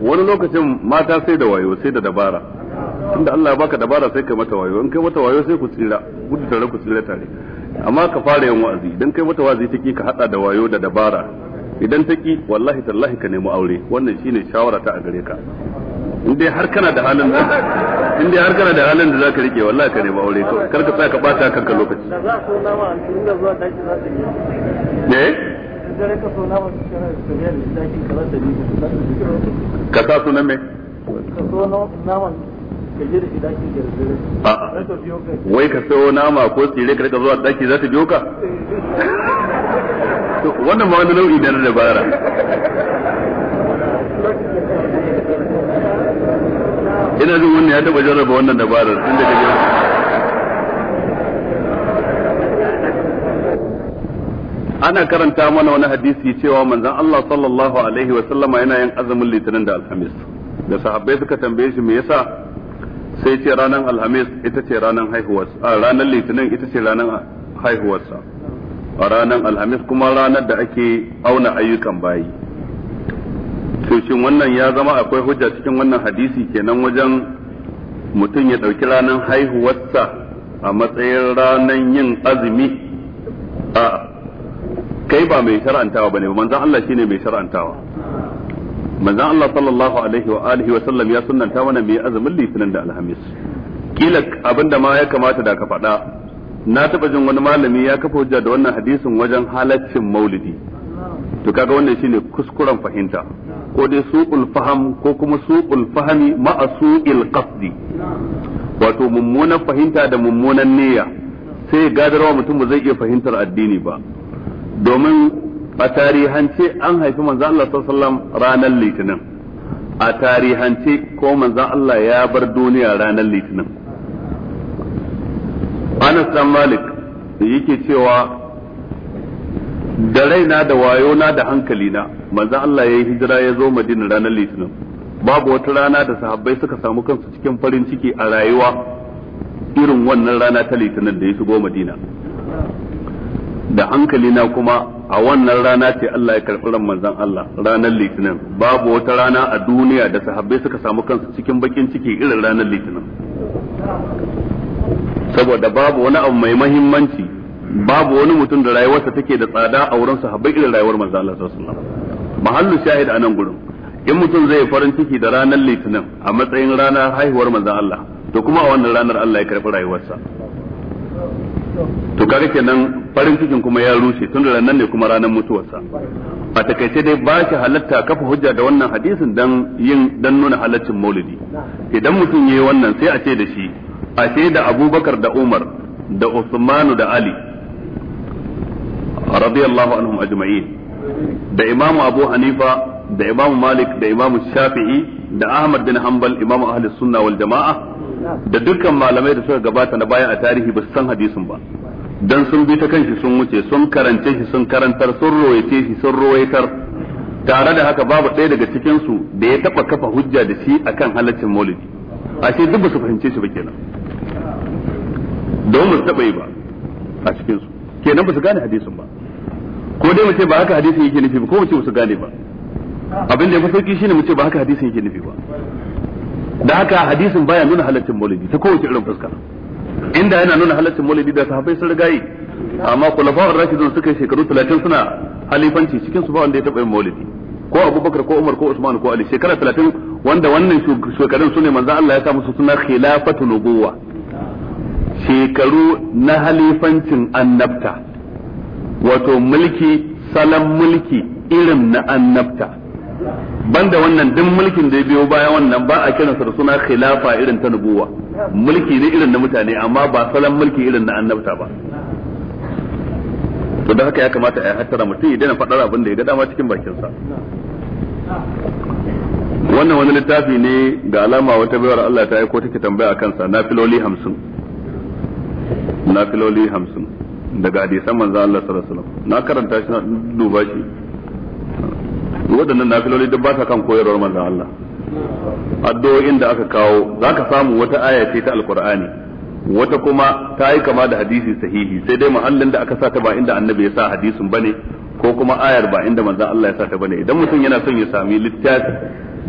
wani lokacin mata sai da wayo sai da dabara tunda Allah ya baka dabara sai kai mata wayo in kai mata wayo sai ku tsira gudu tare ku tsira tare amma ka fara yin wa'azi idan kai mata wa'azi take ka hada da wayo da dabara idan take wallahi tallahi ka nemi aure wannan shine shawara ta a gare ka in dai har kana da halin in dai har kana da halin da zaka rike wallahi ka nemi aure to kar ka tsaya ka bata kanka lokaci da za so na ma da zuwa daki za ta yi ne ka sa sunan mai? ka sa na ma wai ka sayo nama ko tsire ka rika zuwa daki za ta biyo ka [LAUGHS] wannan ma wani nau'i na dabara ina jin wannan ya taba jarraba wannan dabarar tun daga yau ana karanta mana wani hadisi cewa manzon Allah sallallahu alaihi wa sallama yana yin azumin litinin da alhamis da sahabbai suka tambaye shi me yasa sai ce ranar alhamis ita ce ranar haihuwarsa a ranar litinin ita ce ranar haihuwarsa a ranar alhamis kuma ranar da ake auna ayyukan bayi to shin wannan ya zama akwai hujja cikin wannan hadisi kenan wajen mutum ya ɗauki ranar haihuwarsa a matsayin ranar yin azumi a kai ba mai shar'antawa ba ne manzan Allah shi shine mai shar'antawa manzan Allah sallallahu alaihi wa alihi wa sallam ya sunnanta mana mai azumin litinin da alhamis kila abinda ma ya kamata da ka faɗa na taɓa jin wani malami ya kafa hujja da wannan hadisin wajen halaccin maulidi to kaga wannan shine kuskuren fahimta ko dai su'ul faham ko kuma su'ul fahami ma'a su'il qasdi wato mummunan fahimta da mummunan niyya sai gadarwa mutum ba zai iya fahimtar addini ba domin a tarihance an haifi manzan Allah sallallahu ranar litinin a tarihance ko manzan Allah ya bar duniya ranar litinin Anas dan Malik yake cewa da raina da wayona da hankalina na Allah ya yi hijira ya zo Madina ranar litinin babu wata rana da sahabbai suka samu kansu cikin farin ciki a rayuwa irin wannan rana ta litinin da ya shigo Madina da hankali na kuma a wannan rana ce Allah ya karɓi ran manzon Allah ranar litinin babu wata rana a duniya da sahabbai suka samu kansu cikin bakin ciki irin ranar litinin saboda babu wani abu mai mahimmanci babu wani mutum da rayuwarsa take da tsada a wurin sahabbai irin rayuwar manzon Allah sallallahu alaihi wasallam mahallu shahid a nan gurin in mutum zai farin ciki da ranar litinin a matsayin ranar haihuwar manzon Allah to kuma a wannan ranar Allah ya karɓi rayuwarsa to kaga kenan farin cikin kuma ya rushe tun da nan ne kuma ranar mutuwarsa a takaice dai ba shi halatta kafa hujja da wannan hadisin dan yin dan nuna halaccin maulidi idan mutum yayi wannan sai a ce da shi a ce da Abubakar da Umar da Usmanu da Ali radiyallahu anhum ajma'in da Imam Abu Hanifa da Imam Malik da Imam Shafi'i da Ahmad bin Hanbal Imam Ahlus Sunna wal Jama'a da dukkan malamai da suka gabata na baya a tarihi ba su san hadisin ba dan sun bi ta kanshi sun wuce sun karance shi sun karantar sun royace shi sun rawaitar tare da haka babu ɗaya daga cikin su da ya taba kafa hujja da shi akan halaccin maulidi ashe duk ba su fahimce shi ba kenan don ba su taba yi ba a cikin su kenan ba su gane hadisin ba ko dai mu ce ba haka hadisin yake nufi ba ko mu ce ba su gane ba abin da ya fi sauki shine mu ce ba haka hadisin yake nufi ba da haka hadisin baya nuna halaccin maulidi ta kowace irin fuska inda yana nuna halaccin maulidi da sahabbai sun rigayi amma kulafa'ur rashidun suka yi shekaru 30 suna halifanci cikin su ba wanda ya taba yin maulidi ko Abubakar ko Umar ko Usman ko Ali shekara 30 wanda wannan shekarun su ne manzo Allah ya sa musu suna khilafatu nubuwa shekaru na halifancin annabta wato mulki salam mulki irin na annabta banda wannan duk mulkin da ya biyo baya wannan ba a kiransa da suna khilafa irin ta nubuwa mulki ne irin na mutane amma ba salon mulki irin na annabta ba to da haka ya kamata a hattara mutum idan faɗar abin da ya dama cikin bakinsa wannan wani littafi ne ga alama wata baiwar Allah ta aiko take tambaya a kansa nafiloli hamsin nafiloli hamsin daga hadisan manzo Allah sallallahu alaihi wasallam na karanta shi na duba shi waɗannan nafiloli duk ba ta kan koyarwar manzon Allah addu'o'in da aka kawo zaka samu wata aya ce ta alqur'ani wata kuma ta yi kama da hadisi sahihi sai dai muhallin da aka sa ta ba inda annabi ya sa hadisin bane ko kuma ayar ba inda manzon Allah ya sa ta bane idan mutum yana son ya sami littafi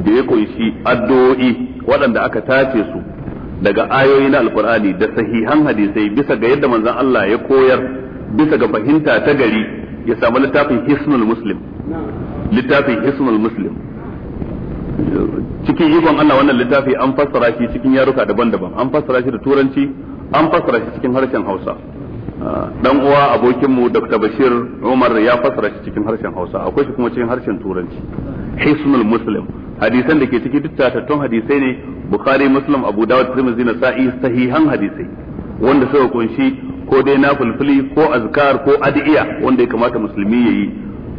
da ya kunshi addu'o'i waɗanda aka tace su daga ayoyi na alqur'ani da sahihan hadisai bisa ga yadda manzon Allah ya koyar bisa ga fahimta ta gari ya samu littafin hisnul muslim littafin ismul muslim cikin ikon Allah wannan littafi an fassara shi cikin yaruka daban-daban an fassara shi da turanci an fassara shi cikin harshen Hausa dan uwa abokinmu Dr. Bashir Umar ya fassara shi cikin harshen Hausa akwai shi kuma cikin harshen turanci hisnul muslim hadisan da ke ciki duk tattun hadisai ne Bukhari Muslim Abu Dawud Tirmidhi sai sahihan hadisai wanda suka kunshi ko dai nafilfili ko azkar ko adiya wanda ya kamata musulmi yayi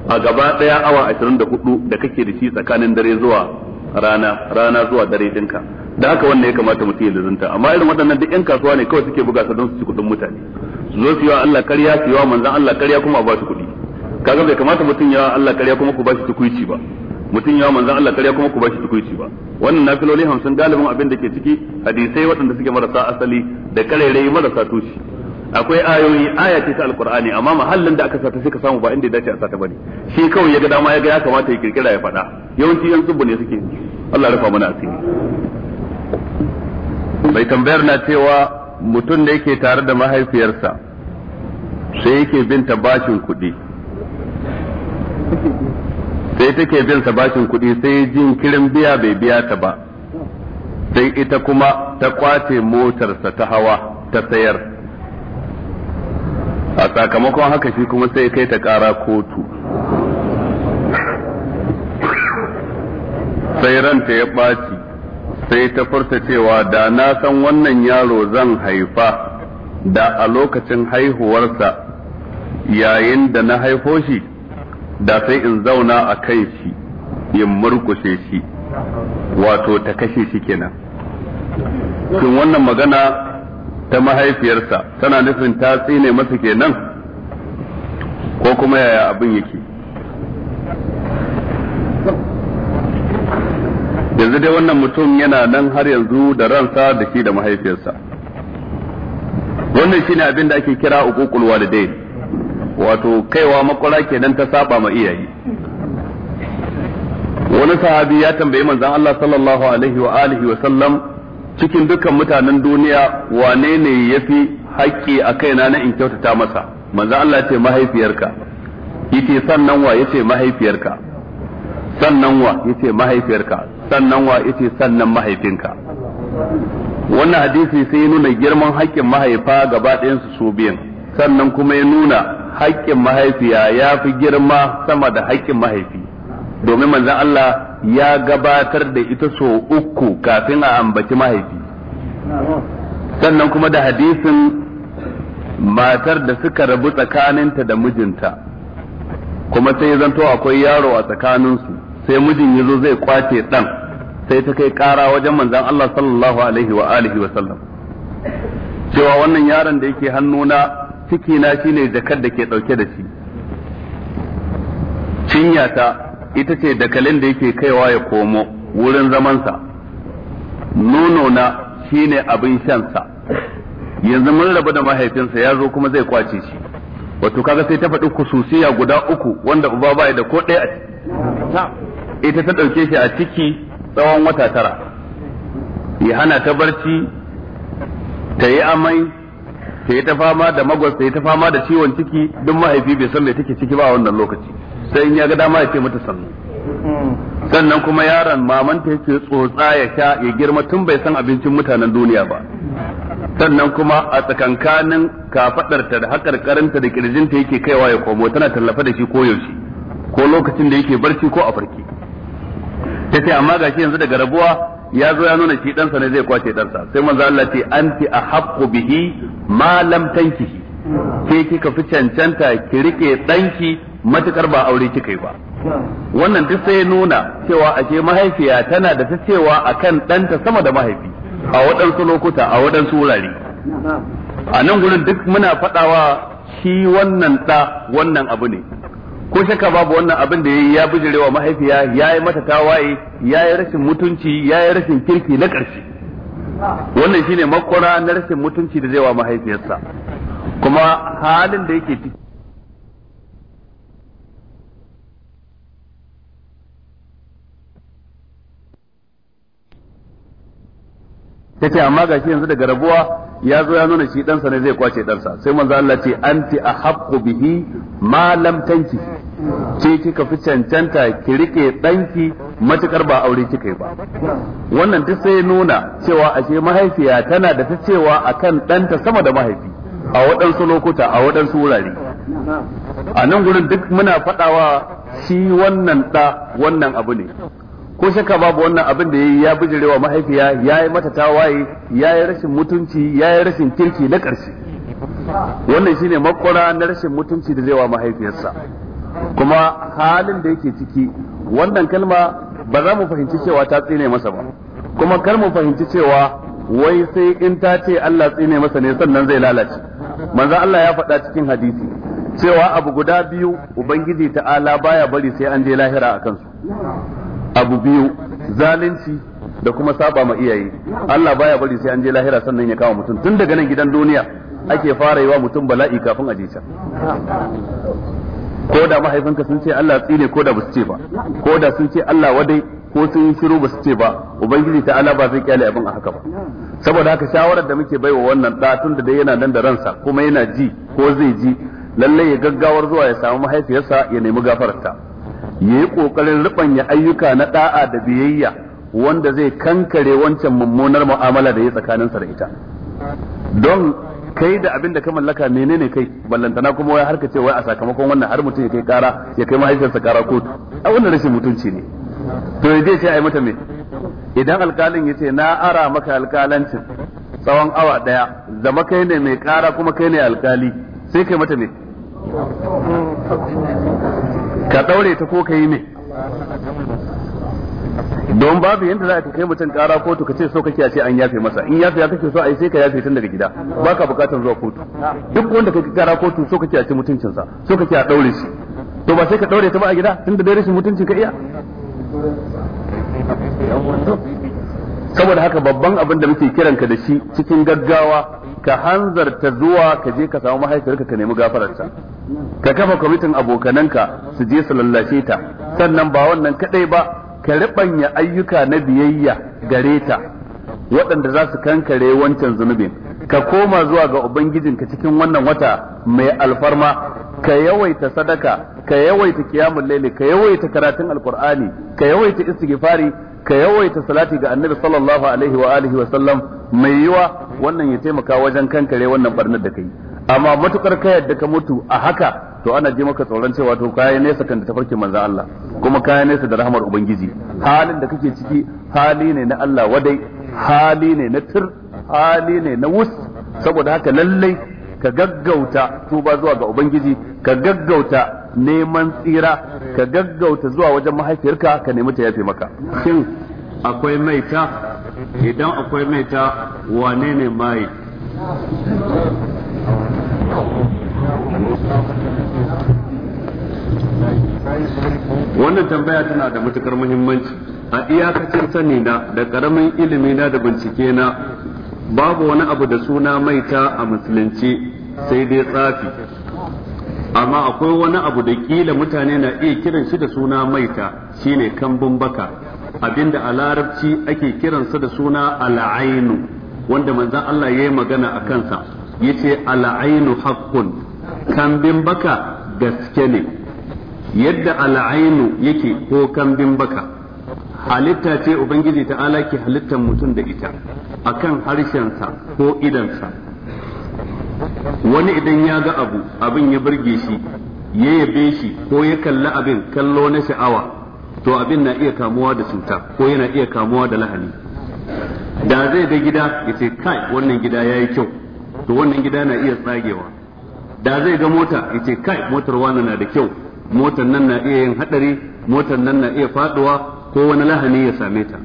a gaba daya awa 24 da kake da shi tsakanin dare zuwa rana rana zuwa dare dinka da haka wannan ya kamata mutum ya lazunta amma irin waɗannan duk yan kasuwa ne kawai suke buga don su ci kuɗin mutane su zo su yi wa Allah ƙarya su yi wa manzan Allah ƙarya kuma a ba su kuɗi kaga bai kamata mutum ya Allah ƙarya kuma ku ba shi tukuici ba mutum ya manzan Allah kariya kuma ku bashi tukuici ba wannan nafiloli hamsin galibin abin da ke ciki hadisai waɗanda suke marasa asali da karerai marasa tushi akwai ayoyi aya ta alqur'ani amma mahallin da aka sata sai ka samu ba inda ya dace a sata bane shi kawai yaga ga dama ya ga ya kamata ya kirkira ya faɗa yawanci yan tsubbu ne suke Allah rufa mana asiri bai tambayar na cewa mutum da yake tare da mahaifiyarsa sai yake bin ta bashin kuɗi sai take bin sa bashin kuɗi sai jin kirin biya bai biya ta ba sai ita kuma ta kwace motarsa ta hawa ta sayar a sakamakon haka shi kuma sai kai ta kara kotu sai ranta ya ɓaci sai ta furta cewa da na san wannan yaro zan haifa da a lokacin haihuwarsa yayin da na haifo shi da sai in zauna a kan shi in murkushe shi wato ta kashe shi kenan shin wannan magana ta mahaifiyarsa tana nufin ta tsine masa kenan ko kuma yaya abin yake yanzu dai wannan mutum yana nan har yanzu da ransa da shi da mahaifiyarsa wannan shine abin da ake kira da dai, wato kaiwa makwara kenan ta saba ma iyaye wani sahabi ya tambayi manzon Allah sallallahu alaihi wa alihi wa sallam cikin dukkan mutanen duniya wane ne ya fi haƙƙi a kaina na in kyautata masa manzo Allah ce mahaifiyarka yace sannan wa yace mahaifiyarka sannan wa yace mahaifiyarka sannan wa yace sannan mahaifinka wannan hadisi sai nuna girman haƙƙin mahaifa gaba ɗayansu su biyan sannan kuma ya nuna haƙƙin mahaifiya ya fi girma sama da haƙƙin mahaifi domin manzon Allah ya gabatar da ita so uku kafin a ambaci mahaifi sannan kuma da hadisin matar da suka rabu tsakaninta da mijinta kuma sai ya zanto akwai yaro a tsakaninsu sai mijin ya zo zai kwace ɗan sai ta kai ƙara wajen manzan Allah sallallahu alaihi wa alihi wa sallam cewa wannan yaron da yake hannuna cikina shine jakar da ke ɗauke da shi Cinyata. ita ce dakalin da yake kaiwa ya komo wurin zamansa nono na shine abin shansa yanzu mun rabu da mahaifinsa ya zo kuma zai kwace shi wato kaga sai ta faɗi kususiya guda uku wanda uba baya da ko ɗaya a ciki ita ta ɗauke shi a ciki tsawon wata tara ya hana ta barci ta yi amai ta yi ta fama da magwas ta yi ta fama da ciwon ciki duk mahaifi bai san me take ciki ba a wannan lokaci sai in ya ga dama ya ce mata sannu sannan kuma yaron mamanta yake tsotsa ya sha ya girma tun bai san abincin mutanen duniya ba sannan kuma a tsakankanin kafadarta da karanta da kirjinta yake kaiwa ya komo tana tallafa da shi ko yaushe ko lokacin da yake barci ko a farki ce amma gashi yanzu daga rabuwa ya zo ya nuna shi ɗansa ne zai kwace ɗansa sai manzo Allah ce anti ahaqqu bihi ma lam ke kika fi cancanta ki rike ɗanki matukar ba aure kika yi ba wannan duk sai nuna cewa ake mahaifiya tana da ta cewa akan danta sama da mahaifi a waɗansu lokuta a waɗansu wurare a nan gurin duk muna faɗawa shi wannan ɗa wannan abu ne ko shaka babu wannan abin da yayi ya bijirewa mahaifiya ya yi mata tawaye ya yi rashin mutunci ya yi rashin kirki na ƙarshe wannan shine makwara na rashin mutunci da zai wa mahaifiyarsa kuma halin da yake ciki tace amma gashi yanzu daga rabuwa ya zo ya nuna shi ɗansa ne zai kwace ɗansa sai manzo Allah ce anti ahaqqu bihi ma lam tanki ce kika fi cancanta ki rike ɗanki matukar ba aure kika yi ba wannan duk sai nuna cewa ashe mahaifiya tana da ta cewa akan ɗanta sama da mahaifi a waɗansu lokuta a waɗansu wurare a nan gurin duk muna faɗawa shi wannan ɗa wannan abu ne ko shakka babu wannan abin da yayi ya bijirewa mahaifiya yayi mata tawaye yayi rashin mutunci yayi rashin kirki na ƙarshe wannan shine makwara na rashin mutunci da zai wa mahaifiyarsa kuma halin da yake ciki wannan kalma ba za mu fahimci cewa ta tsine masa ba kuma kar mu fahimci cewa wai sai in ta ce Allah tsine masa ne sannan zai lalace manzo Allah ya faɗa cikin hadisi cewa abu guda biyu ubangiji ta'ala baya bari sai an je lahira a kansu abu biyu zalunci da kuma saba ma iyaye Allah baya bari sai an je lahira sannan ya kama mutum tun daga nan gidan duniya ake fara yi wa mutum bala'i kafin a je can ko da mahaifinka sun ce Allah tsine ko da basu ce ba ko da sun ce Allah wadai ko sun yi shiru basu ce ba ubangiji ta Allah ba zai kyale abin a haka ba saboda haka shawarar da muke baiwa wannan da tun da dai yana nan da ransa kuma yana ji ko zai ji lallai ya gaggawar zuwa ya samu mahaifiyarsa ya nemi gafararta ya Yi kokarin rubanya ayyuka na ɗa'a da biyayya wanda zai kankare wancan mummunar mu'amala da ya tsakaninsa da ita don kai da abin da ka mallaka menene kai ballantana kuma wai harka ce wai a sakamakon wannan har mutum ya kai kara ya kai mahaifiyarsa kara kotu a wannan rashin mutunci ne to ya je sai a yi mata me idan alkalin ya ce na ara maka alkalancin tsawon awa daya zama kai ne mai kara kuma kai ne alkali sai kai mata me ka daure ta ko ka yi ne don babu yadda za a kai mutum kara kotu ka ce so kake a ce an yafe masa in yafe ya kake so a yi sai ka yafe tun daga gida ba ka bukatar zuwa kotu duk wanda kake kara kotu so kake a ce mutuncinsa so kake a daure shi to ba sai ka daure ta ba a gida tun da dai rashin mutunci ka iya saboda haka babban abin da muke kiranka da shi cikin gaggawa ka hanzarta zuwa ka je ka samu mahaifiyarka ka nemi gafararta ka kafa kwamitin abokananka su je su lallashe ta sannan ba wannan kadai ba ka riɓanya ayyuka na biyayya gare ta waɗanda za su kankare wancan zunubin ka koma zuwa ga ubangijin ka cikin wannan wata mai alfarma ka yawaita sadaka ka yawaita kiyamun laili ka yawaita karatun alkur'ani ka yawaita istighfari ka yawaita salati ga annabi sallallahu alaihi wa alihi wa sallam mai yiwa wannan ya taimaka wajen kankare wannan barnar da kai amma matukar ka yadda ka mutu a haka to ana ji maka tsoron cewa to kayan nesa kan da tafarkin manzo Allah kuma kayan nesa da rahmar ubangiji halin da kake ciki hali ne na Allah wadai hali ne na tur hali ne na wus saboda haka lallai ka gaggauta tuba zuwa ga ubangiji ka gaggauta neman tsira ka gaggauta zuwa wajen mahaifiyarka ka nemi ta yafe maka shin akwai maita idan akwai maita wane ne mai wannan tambaya tana da matukar muhimmanci a iyakacin sani na da karamin ilimi na da bincike na babu wani abu da suna maita a musulunci sai dai tsafi amma akwai wani abu da kila mutane na iya kiran shi da suna maita shine kambun baka abinda a larabci ake kiransa da suna al'ainu wanda manzan Allah ya yi magana a kansa ya ce al'ainu haƙƙun kambin baka gaske ne yadda al'ainu yake ko kambin baka halitta ce ubangiji ta'ala ke halittar mutum da ita akan harshensa ko idansa wani idan ya ga abu abin ya burge shi ya yabe shi ko ya kalli abin kallo na sha'awa to abin na iya kamuwa da cuta ko yana iya kamuwa da lahani da zai ga gida ya ce kai wannan gida ya yi kyau to wannan gida na iya tsagewa da zai ga mota ya ce kai motar wani na da kyau motar nan na iya yin hadari motar nan na iya faduwa ko wani lahani ya same ta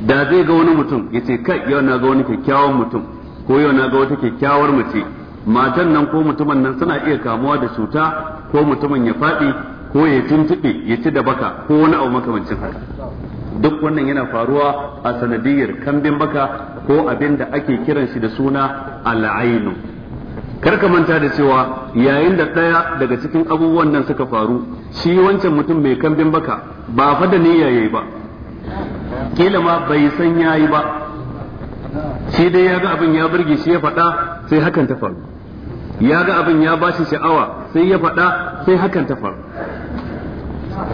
da zai ga wani mutum ya ce kai yau na ga wani kyakkyawan mutum ko yau na ga wata kyakkyawar mace matan nan ko mutumin nan suna iya kamuwa da cuta ko mutumin ya faɗi ko ya tuntube ya ci da baka ko wani abu makamancin haka duk wannan yana faruwa a sanadiyar kambin baka ko abin da ake kiran shi da suna al'ainu kar ka manta da cewa yayin da ɗaya daga cikin abubuwan nan suka faru shi wancan mutum mai kambin baka ba fa da niyya yayi ba kila ma bai san yayi ba shi dai ya ga abin ya burge shi ya faɗa sai hakan ta faru ya ga abin ya bashi sha'awa sai ya faɗa sai hakan ta faru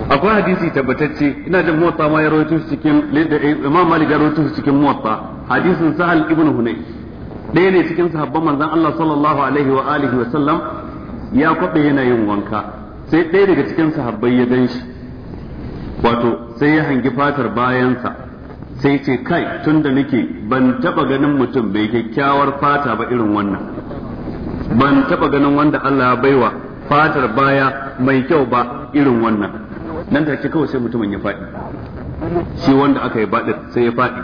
akwai hadisi tabbatacce ina jin muwatta ma ya rawaito shi cikin eh, imam malik ya rawaito shi cikin muwatta hadisin sahal ibn hunay ɗaya ne cikin sahabban manzon Allah sallallahu alaihi wa alihi wa sallam ya kwabe yana yin wanka sai ɗaya daga cikin sahabbai ya gan shi wato sai ya hangi fatar bayansa sai ce kai tun da nake ban taba ganin mutum bai kyakkyawar fata ba irin wannan ban taba ganin wanda Allah ya baiwa fatar baya mai kyau ba irin wannan nan take kawai sai mutumin ya faɗi shi wanda aka yi baɗin sai ya faɗi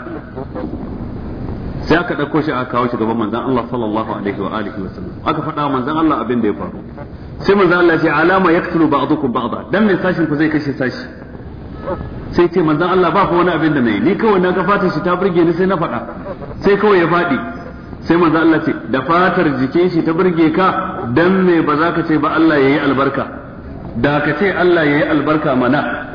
sai aka ɗauko shi aka kawo shi gaban manzan Allah sallallahu alaihi wa alihi wa sallam aka faɗa manzan Allah abin da ya faru sai manzon Allah ya ce alama yaqtulu ba'dukum ba'da dan me sashin ku zai kashe sashi sai ce manzan Allah ba fa wani abin da nayi ni kawai na ga fatar shi ta burge ni sai na faɗa sai kawai ya faɗi sai manzon Allah ce da fatar jikin shi ta burge ka dan me ba za ka ce ba Allah yayi albarka da ka ce Allah ya yi albarka mana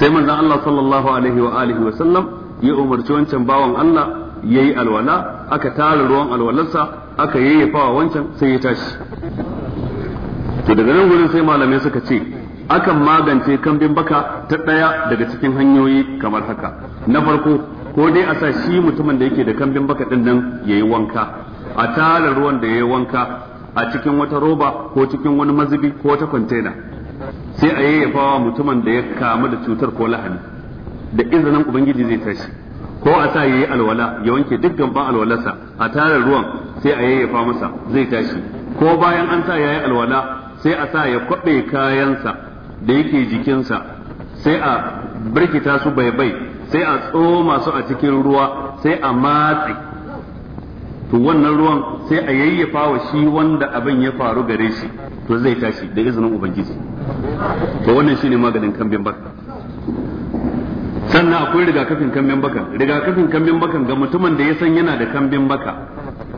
sai manzan Allah sallallahu alaihi wa alihi wa sallam ya umarci wancan bawan Allah ya yi alwala aka tara ruwan alwalarsa aka yayyafa wa wancan sai ya tashi to daga nan gurin sai malamai suka ce akan magance kambin baka ta ɗaya daga cikin hanyoyi kamar haka na farko ko dai a sa shi mutumin da yake da kambin baka ɗin nan ya yi wanka a tara ruwan da ya yi wanka a cikin wata roba ko cikin wani mazubi ko wata kwantena sai a yayyafa wa mutumin da ya kamu da cutar ko lahani da izinin ubangiji zai tashi ko a sa yayi alwala ya wanke dukkan ban alwalarsa a tare ruwan sai a yayyafa masa zai tashi ko bayan an sa yayi alwala sai a sa ya kwabe kayansa da yake jikinsa sai a birkita su baibai sai a tsoma su a cikin ruwa sai a matsi. to wannan ruwan sai a yayyafa wa shi wanda abin ya faru gare shi to zai tashi da izinin ubangiji to wannan shine maganin kambin baka sannan akwai rigakafin kambin baka rigakafin kambin bakan ga mutumin da ya san yana da kambin baka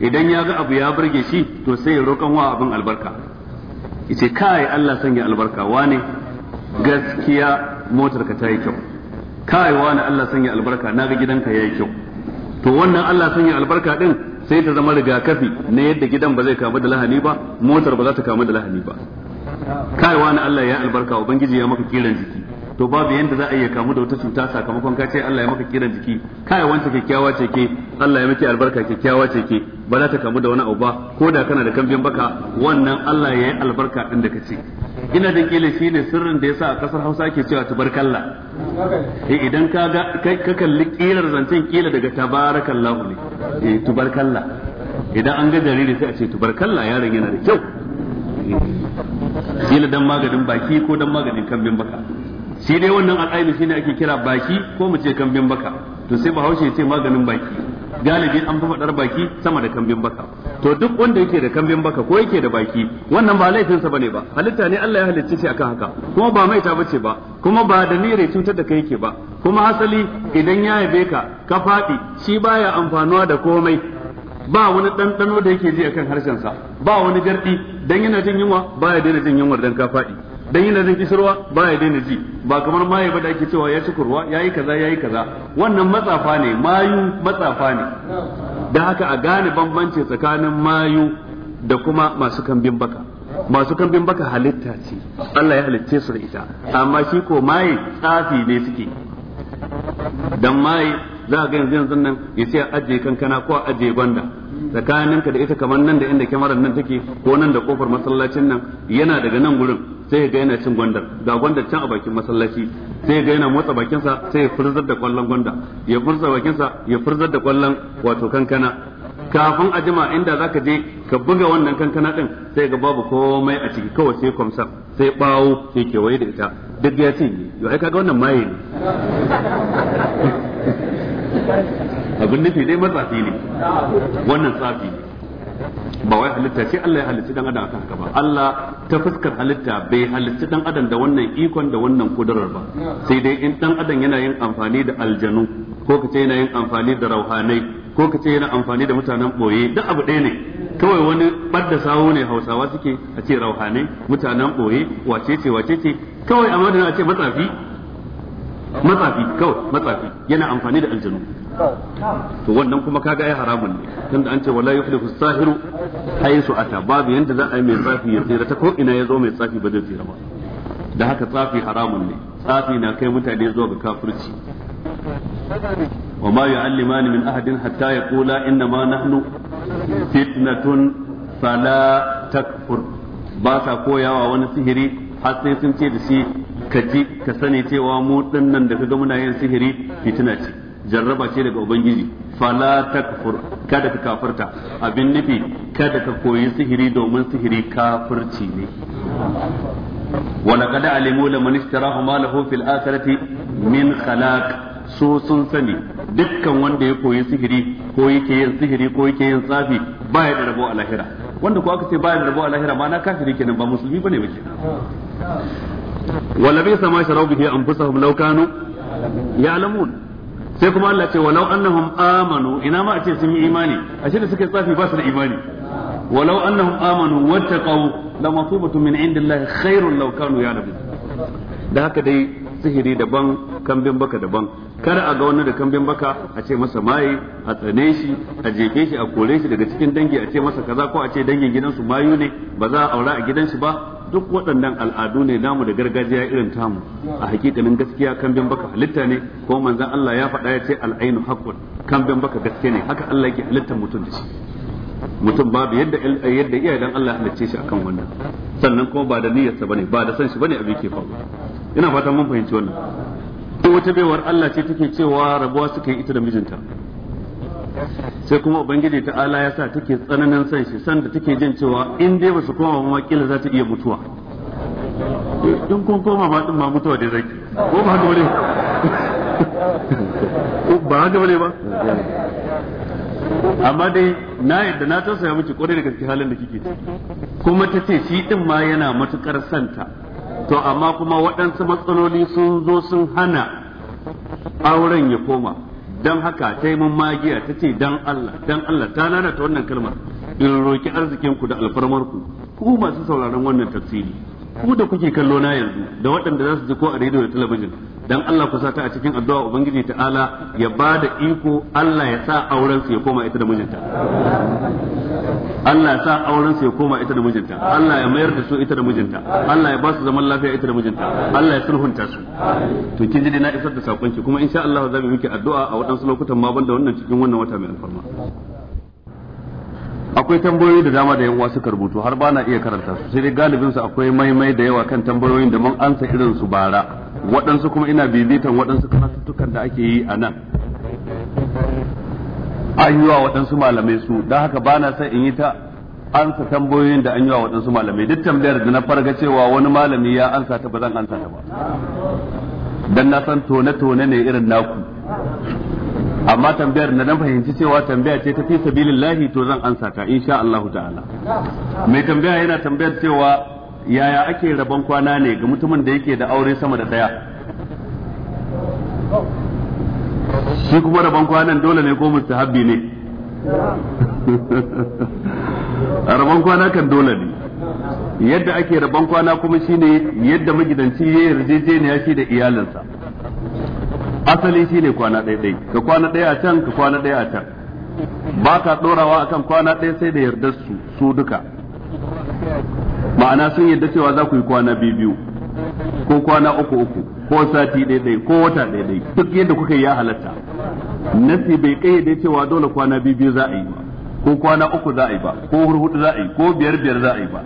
idan ya ga abu ya burge shi to sai ya roƙon wa abin albarka yace kai Allah sanya albarka wane gaskiya motar ka ta yi kyau kai wane Allah sanya albarka na ga gidanka yayi kyau to wannan Allah sanya albarka din sai ta zama rigakafi na yadda gidan ba zai kamu da lahani ba motar ba za ta kamu da lahani ba kaiwa na Allah ya albarka ubangiji ya maka kiran jiki to babu yanda za a iya kamu da wata cuta sakamakon ka ce Allah ya maka kiran jiki kai wanta kyakkyawa ce ke Allah ya miki albarka kyakkyawa ce ke ba za ta kamu da wani abu ba ko da kana da kambin baka wannan Allah ya yi albarka din da kace ina da kila shi ne sirrin da yasa a kasar hausa ke cewa tubarkalla eh, idan ka ga ka kalli kilar zancen kila daga tabarakallahu ne eh tubarkalla idan an ga jariri sai a ce tubarkalla yaron yana da kyau kila dan maganin baki ko dan maganin kambin baka sai dai wannan shi shine ake kira baki ko mu ce kambin baka to sai bahaushe ya ce maganin baki galibi an fi faɗar baki sama da kambin baka to duk wanda yake da kambin baka ko yake da baki wannan ba laifinsa bane ba halitta ne Allah ya halicce shi akan haka kuma ba maita bace ba kuma ba da niyar cutar da kai yake ba kuma asali idan ya yabe ka ka faɗi shi baya amfanuwa da komai ba wani ɗanɗano da yake ji akan sa ba wani gardi dan yana jin yunwa baya daina jin yunwar dan ka faɗi dan yana jin kisirwa ba ya daina ji ba kamar maye ba da ake cewa ya ci kurwa yayi kaza yayi kaza wannan matsafa ne mayu matsafa ne da haka a gane bambanci tsakanin mayu da kuma masu kambin baka masu kambin baka halitta ce Allah ya halicce su da ita amma shi ko maye tsafi ne suke dan maye za ga yanzu yanzu nan ya a ajiye kankana ko a ajiye gwanda tsakaninka da ita kamar nan da inda kyamarar nan take ko nan da kofar masallacin nan yana daga nan gurin sai ga yana cin gwandar ga gwandar can a bakin masallaci sai ga yana motsa bakinsa sai ya furzar da kwallon gwanda ya furza bakinsa ya furzar da kwallon wato kankana kafin a jima inda zaka je ka buga wannan kankana din sai ga babu komai a ciki kawai sai kwamsa sai bawo sai kewaye da ita duk ya ce yau ai kaga wannan maye ne abin nufi dai matsafi ne wannan tsafi ne ba wai halitta ce Allah ya halitta dan adam akan haka ba Allah ta fuskar halitta bai halitta dan adam da wannan ikon da wannan kudurar ba sai dai in dan adam yana yin amfani da aljanu ko kace yana yin amfani da rauhanai ko kace yana amfani da mutanen boye duk abu ɗaya ne kawai wani badda sawo ne hausawa suke a ce rauhanai mutanen boye wace ce wace ce kawai a madana a ce matsafi matsafi kawai matsafi yana amfani da aljanu to wannan kuma kaga ai haramun ne tunda an ce wala yuflihu as-sahiru haisu ata babu yanda za a yi mai tsafi ya tsira ta ko ina ya zo mai tsafi ba zai tsira ba da haka tsafi haramun ne tsafi na kai mutane zuwa ga kafirci wama yu'allimani min ahadin hatta yaqula inna ma nahnu fitnatun fala takfur ba sa koyawa wani sihiri har sai sun ce da shi ka ji ka sani cewa mu dinnan da kaga muna yin sihiri fitina ce jarraba ce daga ubangiji fala takfur kada ka kafirta abin nufi kada ka koyi sihiri domin sihiri kafirci ne ولقد alimu لمن اشتراه ما له fil akhirati min khalaq so sun sani dukkan wanda ya koyi sihiri ko yake yin sihiri ko yake yin tsafi baya da rabo a lahira wanda ko aka ce baya da rabo a lahira ma na kafiri kenan ba musulmi bane ba wala bi sama sharau bihi anfusahum law kanu ya'lamun sai kuma Allah ce walau annahum amanu ina ma a ce sun yi imani ashe da suke tsafi ba su da imani walau annahum amanu wattaqau lamasubatun min indillahi khairun law kanu ya'lamun da haka dai sihiri daban kambin baka daban kada a ga wani da kambin baka a ce masa maye a tsane shi a jefe shi a kore shi daga cikin dangi a ce masa kaza ko a ce dangin gidansu mayu ne ba za a aura a gidansu ba duk waɗannan al'adu ne namu da gargajiya irin tamu a hakikalin gaskiya kambin baka halitta ne ko manzon Allah ya faɗa ya ce al'ainu haqqun kambin baka gaske ne haka Allah yake halittar mutum da shi mutum babu yadda yadda iyayen Allah ya halicce shi akan wannan sannan kuma ba da niyyarsa bane ba da san shi bane abin ke faruwa ina fatan mun fahimci wannan ko wata baiwar Allah ce take cewa rabuwa suka yi ita da mijinta sai kuma ubangiji ta ala ya sa take tsananin san shi san da take jin cewa in dai ba su koma ba kila za ta iya mutuwa in kun koma ba din ma mutuwa da zaki ko ba dole ba ba haka ba amma dai na yadda na tausaya miki kwarai da gaske halin da kike ciki kuma ta ce shi din ma yana matukar santa to amma kuma waɗansu matsaloli sun zo sun hana auren ya koma dan haka ta yi magiya ta ce dan Allah dan Allah ta lalata wannan kalmar in roki arzikin ku da alfarmar ku ku masu sauraron wannan tafsiri ku da kuke kallo na yanzu da waɗanda za su ji ko a rediyo da talabijin dan Allah ku sata a cikin addu'a ubangiji ta'ala ya ba da iko Allah ya sa auren su ya koma ita da mijinta Allah ya sa auren su ya koma ita da mijinta Allah ya mayar da su ita da mijinta Allah ya ba su zaman lafiya ita da mijinta Allah ya sulhunta su to kin ji na isar da sakonki kuma insha Allah za mu yi miki addu'a a waɗansu lokutan ma banda wannan cikin wannan wata mai alfarma akwai tambayoyi da dama da yan uwa suka rubutu har ba na iya karanta su sai dai galibin su akwai maimai da yawa kan tambayoyin da mun ansa irin su bara waɗansu kuma ina bibitan waɗansu karatuttukan da ake yi a nan an yi wa waɗansu malamai su don haka ba na sai in yi ta ansa tambayoyin da an yi wa waɗansu malamai duk tambayar da na farga cewa wani malami ya ansa ta ba zan ansa ta ba dan na san tone-tone ne irin naku amma tambayar na dan fahimci cewa tambaya ce ta fi sabilillahi to zan ansa ta insha Allah ta'ala mai tambaya yana tambayar cewa yaya ake rabon kwana ne ga mutumin da yake da aure sama da daya shi kuma rabon kwanan dole ne ko mustahabbi ne [LAUGHS] rabon kwana kan dole ne yadda ake rabon kwana kuma shine yadda magidanci ya yarjejeniya shi da iyalinsa asali shine kwana ɗaya ka kwana ɗaya a can ka kwana ɗaya a can ba ka ɗorawa a kan kwana ɗaya sai da yardar su su duka ma'ana sun yarda cewa za ku yi kwana biyu biyu ko kwana uku uku ko sati ɗaya ɗai ko wata ɗaya ɗai duk yadda kuka yi ya halatta nasi bai kayyade cewa dole kwana biyu biyu za a yi ba ko kwana uku za a yi ba ko hurhudu za a yi ko biyar biyar za a yi ba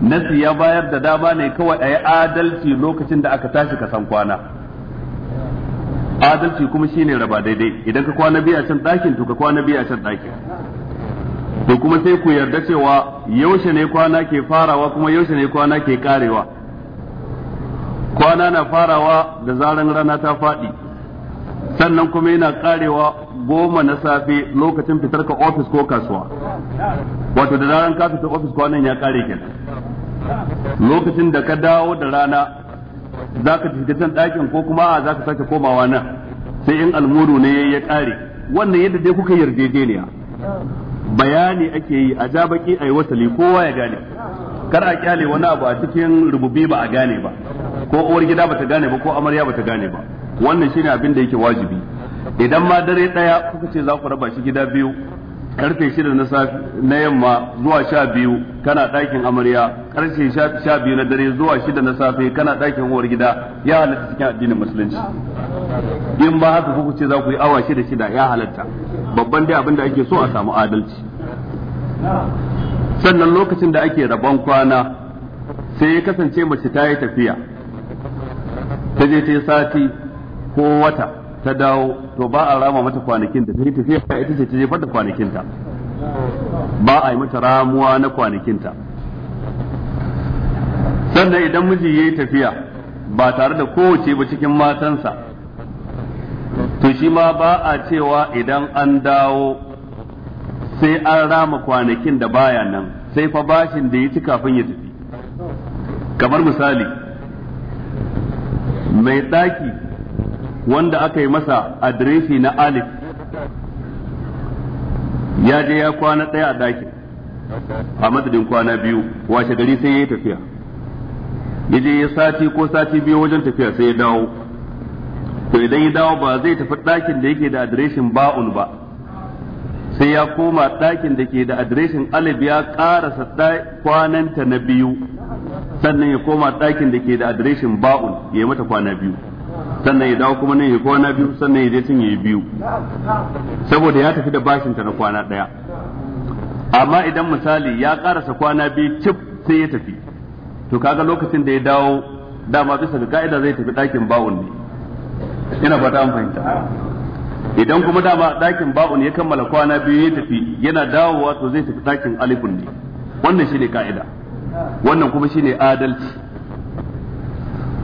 nasi ya bayar da dama ne kawai a yi adalci lokacin da aka tashi kasan kwana adalci kuma shine raba daidai idan ka kwana biya can ɗakin to ka kwana biya can ɗakin to kuma sai ku yarda cewa yaushe ne kwana ke farawa kuma yaushe ne kwana ke karewa kwana na farawa da zaran rana ta faɗi sannan kuma yana karewa goma na safe lokacin fitar ka ofis ko kasuwa wato da zaran ka fita ofis kwanan ya kare kenan lokacin da ka dawo da rana za ka tafi can ɗakin ko kuma za ka sake komawa nan sai in almuru ne ya ƙare wannan yadda dai kuka yarjejeniya bayani ake yi a jabaki a yi wasali kowa ya gane kar a kyale wani abu a cikin rububi ba a gane ba ko uwar gida ta gane ba ko amarya ba ta gane ba wannan shine abin da yake wajibi idan ma dare daya kuka ce za ku raba shi gida biyu karfe shida na safi na yamma zuwa sha biyu kana ɗakin amarya karfe sha biyu na dare zuwa shida na safe kana ɗakin uwar gida ya halatta cikin addinin musulunci in ba haka kuku ce za ku yi awa shida shida ya halatta babban dai abin da ake so a samu adalci sannan lokacin da ake rabon kwana sai ya kasance mace ta yi tafiya ta je ta yi sati ko wata ta dawo to ba a rama mata kwanakin da ta tafiya [LAUGHS] ita ce ta jefar da kwanakin ta ba a yi mata ramuwa na kwanakin ta sannan idan miji yi tafiya ba tare da kowace ba cikin matansa to shi ma ba a cewa idan an dawo sai an rama kwanakin da baya nan sai fa bashin da ya ci kafin ya tafi kamar misali mai ɗaki wanda aka yi masa adireshi na alif ya je ya kwana ɗaya a ɗakin a madadin kwana biyu washe gari sai ya yi tafiya ya je ya sati ko sati biyu wajen tafiya sai ya dawo to idan ya dawo ba zai tafi ɗakin da yake da adireshin ba'un ba sai ya koma ɗakin da ke da adireshin alif ya ƙarasa kwananta na biyu sannan ya koma ɗakin da ke da adireshin ba'un ya yi mata kwana biyu sannan ya dawo kuma nan ya kwana biyu sannan ya je can ya yi biyu saboda ya tafi da bashinta na kwana ɗaya amma idan misali ya karasa kwana biyu cif sai ya tafi to kaga lokacin da ya dawo dama bisa ga ka'ida zai tafi ɗakin ba'un ne ina fata an fahimta idan kuma dama ɗakin ba'un ya kammala kwana biyu ya tafi yana dawowa to zai tafi ɗakin alifun ne wannan shine ka'ida wannan kuma shine adalci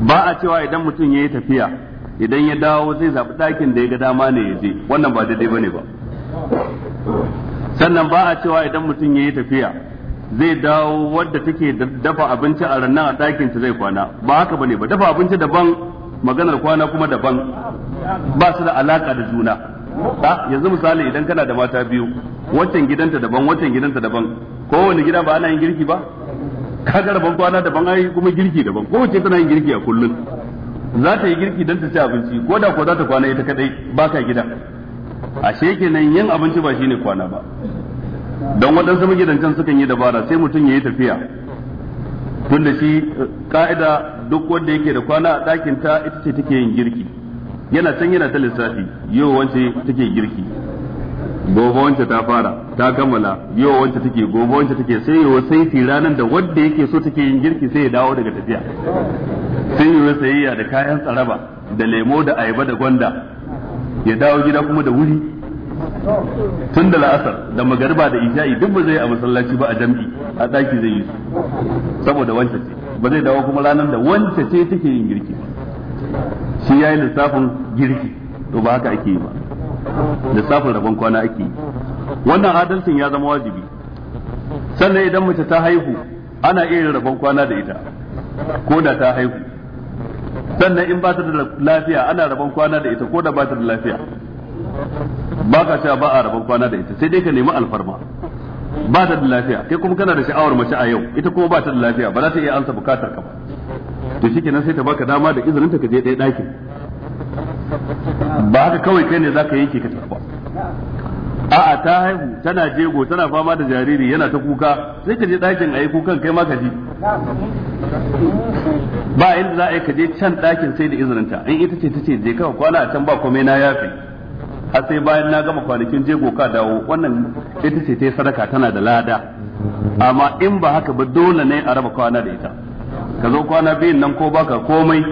ba a cewa idan mutum ya yi tafiya idan ya dawo zai zaɓi ɗakin da ya ga dama ne ya je wannan ba daidai bane ba sannan ba a cewa idan mutum ya yi tafiya zai dawo wadda take dafa abinci a rannan a ɗakin ta zai kwana ba haka bane ba dafa abinci daban maganar kwana kuma daban ba su da alaka da juna ba ah, yanzu misali idan kana da mata biyu waccan gidanta daban waccan gidanta daban kowane gida ba ana yin girki ba kaga rabon kwana daban ai kuma girki daban kowace tana yin girki a kullun za ta yi girki don ta ci abinci ko da ko za ta kwana ita kadai ba ka gida ashe kenan yin abinci ba shine kwana ba don waɗansu magidancan sukan yi dabara sai mutum ya yi tafiya tun da shi ka'ida eh, duk wanda yake da kwana a ɗakin ta ita ce take yin girki yana can yana ta lissafi yau wance take girki gobe wance ta fara ta kammala yau wance take gobe wance take sai yau sai ranar da wanda yake so take yin girki sai ya dawo daga tafiya sun yi sayayya da kayan tsaraba da lemo da ayaba da gwanda ya dawo gida kuma da wuri tun da la'asar da magariba da isha'i duk ba zai a masallaci ba a jam'i a ɗaki zai yi su saboda wancan ce ba zai dawo kuma ranar da wancan ce take yin girki shi ya yi lissafin girki to ba haka ake yi ba lissafin rabon kwana ake yi wannan adalcin ya zama wajibi sannan idan mace ta haihu ana iya rabon kwana da ita ko da ta haihu sannan in ba ta da lafiya ana rabon kwana da ita ko da ba ta da lafiya ba ka cewa ba a rabon kwana da ita sai dai ka nemi alfarma ba ta da lafiya kai kuma kana da sha'awar mace a yau ita kuma ba ta da lafiya ba za ta iya amsa bukatar ka ba to shikenan sai ta baka dama da izinin ta ka je ɗaya ɗakin ba haka kawai kai ne za ka yanke ka tafi a'a ta haihu tana jego tana fama da jariri yana ta kuka sai ka je ɗakin ayi kukan kai ma ka ji ba inda za a yi ka je can ɗakin sai da izininta in ita ce ta ce je ka kwana a can ba komai na yafi Asai sai bayan na gama kwanakin jego ka dawo wannan ita ce ta yi sadaka tana da lada amma in ba haka ba dole ne a raba kwana da ita ka zo kwana biyun nan ko baka komai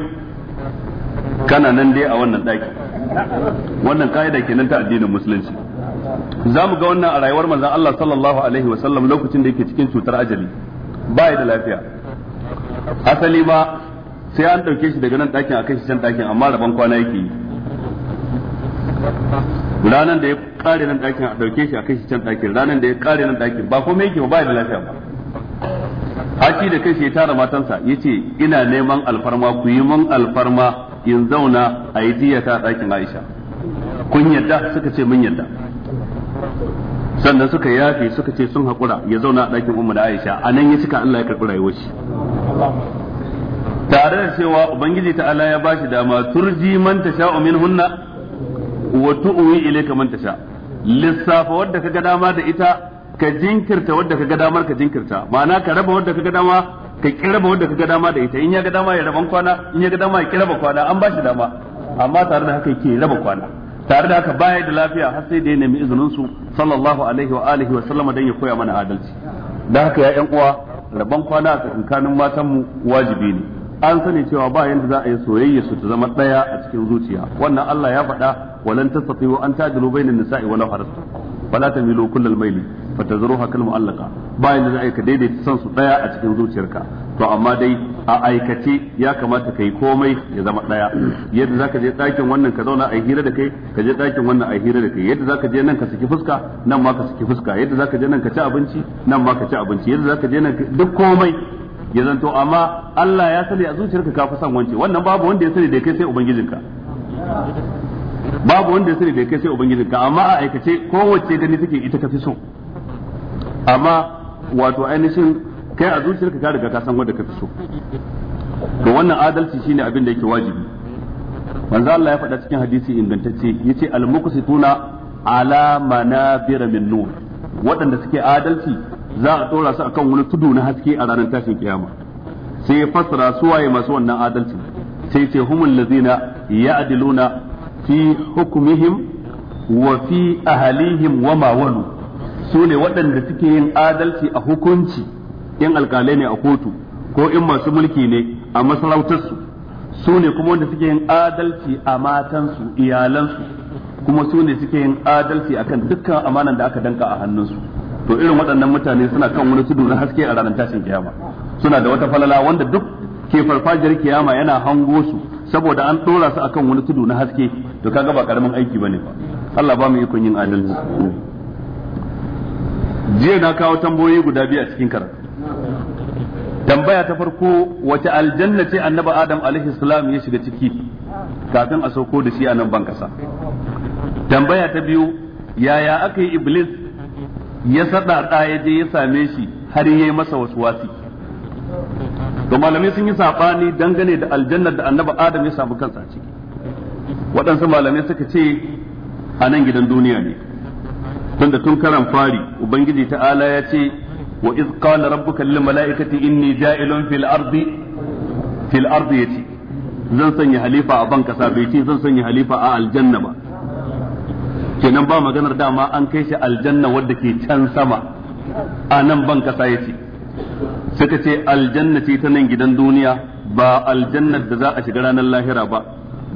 kana nan dai a wannan ɗaki wannan ka'ida kenan ta addinin musulunci za mu ga wannan a rayuwar manzan Allah sallallahu alaihi wasallam lokacin da yake cikin cutar ajali ba da lafiya asali ba sai an ɗauke shi daga nan ɗakin a kai shi can ɗakin amma rabon kwana yake yi ranar da ya kare nan ɗakin a ɗauke shi a kai shi can ɗakin ranar da ya kare nan ɗakin ba komai yake ba ba da lafiya ba Haki da kai shi ya tara matansa ya ce ina neman alfarma ku yi mun alfarma in zauna a yi a ɗakin Aisha kun yadda suka ce mun yadda sannan suka yafe suka ce sun haƙura ya zauna a ɗakin umma da Aisha a nan ya cika Allah ya karɓi rayuwar shi tare da cewa ubangiji ala ya bashi dama turji man tasha'u minhunna wa ile ka man sha. lissafa wadda ka ga dama da ita ka jinkirta wadda ka ga damar ka jinkirta ma'ana ka raba wadda ka ga dama ka kiraba wadda ka ga dama da ita in ya ga dama ya raban kwana in ya ga dama ya kiraba kwana an bashi dama amma tare da haka yake raba kwana tare da haka baya da lafiya har sai da ya nemi izinin su sallallahu alaihi wa alihi wa sallama dan ya koya mana adalci Da haka ya yan uwa rabon kwana a tsakankanin matan mu wajibi ne an sani cewa ba yanda za a yi soyayya su ta zama ɗaya a cikin zuciya wannan Allah ya faɗa walan tastati'u an tadilu bainan nisa'i walau harastu fala tamilu kullal maili fatazruha kal mu'allaqa ba yanda za a yi ka daidaita san su ɗaya a cikin zuciyarka to amma dai a aikace ya kamata kai komai ya zama daya yadda zaka je ɗakin wannan ka zauna a hira da kai ka je ɗakin wannan a hira da kai yadda zaka je nan ka saki fuska nan ma ka saki fuska yadda zaka je nan ka ci abinci nan ma ka ci abinci yadda zaka je nan duk komai ya zanto amma Allah ya sani a zuciyarka ka fi son wance wannan babu wanda ya sani da kai sai ubangijinka babu wanda ya sani da kai sai ubangijinka amma a aikace kowace gani take ita ka fi so amma wato ainihin kai a zuciyarka ka riga ka san wanda ka fi so to wannan adalci shine abin da yake wajibi manzo Allah ya faɗa cikin hadisi ingantacce yace al-muqsituna ala manabir min nur waɗanda suke adalci za a tsora su akan wani tudu na haske a ranar tashin kiyama sai fasara suwaye masu wannan adalci sai ce humul ladzina ya'diluna fi hukmihim wa fi ahlihim wa ma walu su ne waɗanda suke yin adalci a hukunci in alkalai ne a kotu ko in masu mulki ne a masarautarsu su ne kuma wanda suke yin adalci a matansu iyalansu kuma su ne suke yin adalci akan dukkan amanan da aka danka a hannunsu to irin waɗannan mutane suna kan wani tudu na haske a ranar tashin kiyama suna da wata falala wanda duk ke farfajiyar kiyama yana hango su saboda an ɗora su akan wani tudu na haske to kaga ba karamin aiki bane ba Allah ba mu ikon yin adalci jiya na kawo tambayoyi guda biyu a cikin karatu tambaya ta farko wace aljanna ce annabi adam alaihi salam ya shiga ciki kafin a sauko da shi a nan bankasa tambaya ta biyu yaya aka yi iblis ya sada ya je ya same shi har yayi masa waswasi to malamai sun yi sabani dangane da aljannar da annabi adam ya samu kansa ciki waɗansu malamai suka ce a nan gidan duniya ne tunda tun karan fari ubangiji ta'ala ya ce wa iz qala rabbuka lil mala'ikati inni ja'ilun fil ardi fil ardi zan sanya halifa a ban kasa bai zan sanya halifa a aljanna ba kenan ba maganar dama an kai shi aljanna wadda ke can sama a nan ban kasa yace suka ce aljanna ce ta nan gidan duniya ba aljannar da za a shiga ranar lahira ba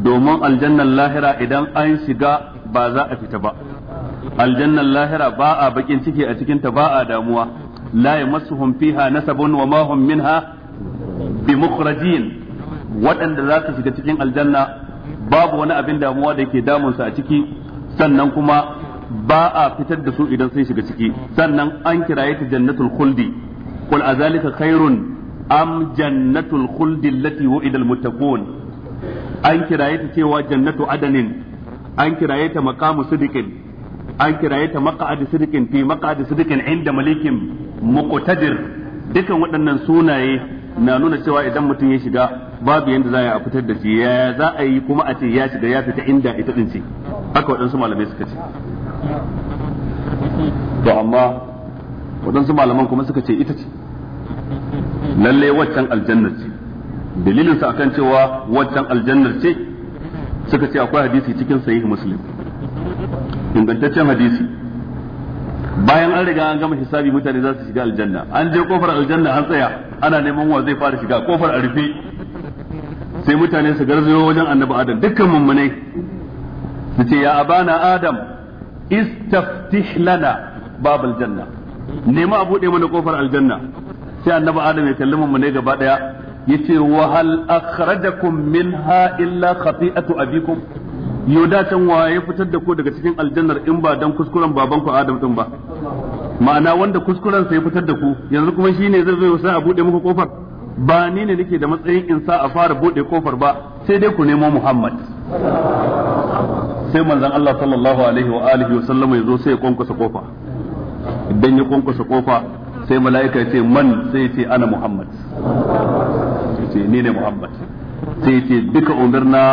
domin aljannar lahira idan an shiga ba za a fita ba aljannar lahira ba a bakin ciki a cikinta ba a damuwa la yamassuhum fiha nasabun wa ma hum minha waɗanda za su shiga cikin aljanna babu wani abin damuwa da yake damunsa a ciki sannan kuma ba a fitar da su idan sun shiga ciki sannan an kiraye ta jannatul khuldi qul azalika khairun am jannatul khuldi allati wu'ida almuttaqun an kiraye ta cewa jannatu adanin an kiraye ta maqamu sidiqin an kiraye ta maq'ad sidiqin fi maq'ad sidiqin inda malikin muqtadir dukan waɗannan sunaye na nuna cewa idan mutum ya shiga babu yanda za a fitar da shi ya za a yi kuma a ce ya shiga ya fita inda ita din ce haka waɗansu malamai suka ce to amma waɗansu malaman kuma suka ce ita ce lalle waccan aljannar ce dalilin sa akan cewa waccan aljannar ce suka ce akwai hadisi cikin sahih muslim ingantaccen hadisi bayan an riga an gama hisabi mutane za su shiga aljanna an je kofar aljanna an tsaya ana neman wa zai fara shiga kofar a rufe sai mutane su garzayo wajen annabi adam dukkan mummunai su ce ya abana adam istaftih lana babal janna nema a bude mana kofar aljanna sai annabi adam ya kalli mummunai gaba daya yace wa hal akhrajakum minha illa khati'atu abikum yau da can waye fitar da ku daga cikin aljannar in ba dan kuskuren babanku Adam din ba ma'ana wanda kuskuren sai fitar da ku yanzu kuma shine zai zo sai a bude muku kofar ba ni ne nake da matsayin in sa a fara bude kofar ba sai dai ku nemo Muhammad sai manzon Allah sallallahu alaihi wa alihi wa sallama yazo sai ya kwankwasa kofa idan ya kwankwasa kofa sai mala'ika ya ce man sai ya ce ana Muhammad ce ni ne Muhammad sai ce duka umarna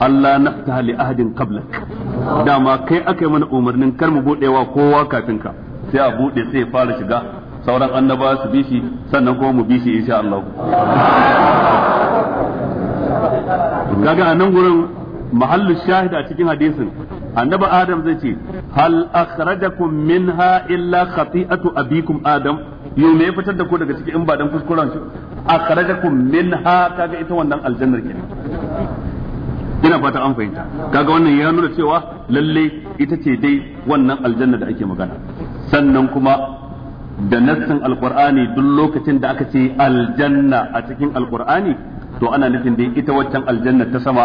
Allah naftaha li ahadin qablak dama kai akai mana umarnin kar mu budewa kowa kafin ka sai a bude sai ya fara shiga sauran annaba su bi shi sannan kuma mu bi shi insha Allah kaga anan gurin mahallu shahida a cikin hadisin annaba adam zai ce hal akhrajakum minha illa khati'atu abikum adam yau me ya fitar da ku daga cikin in ba dan kuskuren shi akhrajakum minha kaga ita wannan aljannar ke ina fata an fahimta kaga wannan ya nuna cewa lalle ita ce dai wannan aljanna da ake magana sannan kuma da nassin alkur'ani duk lokacin da aka ce aljanna a cikin alkur'ani to ana nufin da ita waccan aljanna ta sama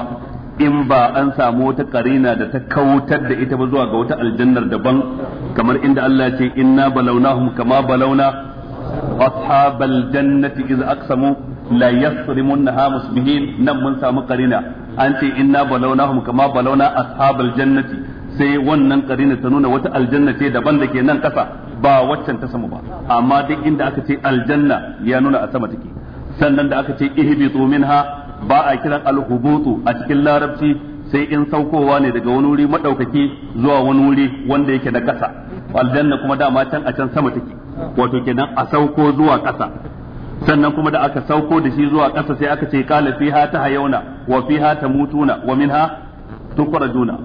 in ba an samu wata karina da ta kautar da ita ba zuwa ga wata aljannar daban kamar inda Allah ya ce inna balawnahum kama balawna أصحاب الجنة إذا أقسموا لا يصرمنها مصبحين نم من سامو قرينا أنت إنا بلوناهم kama بلونا أصحاب jannati. sai wannan karina ta nuna wata aljanna ce daban da ke nan kasa ba waccan ta sama ba amma duk inda aka ce aljanna ya nuna a sama take sannan da aka ce ihbitu minha ba a kiran alhubutu a cikin larabci sai in saukowa ne daga wani wuri madaukaki zuwa wani wuri wanda yake na kasa aljanna kuma dama can a can sama take wato kenan a sauko zuwa kasa sannan kuma da aka sauko da shi zuwa kasa sai aka ce qala fiha tahayuna wa fiha tamutuna wa minha tukhrajuna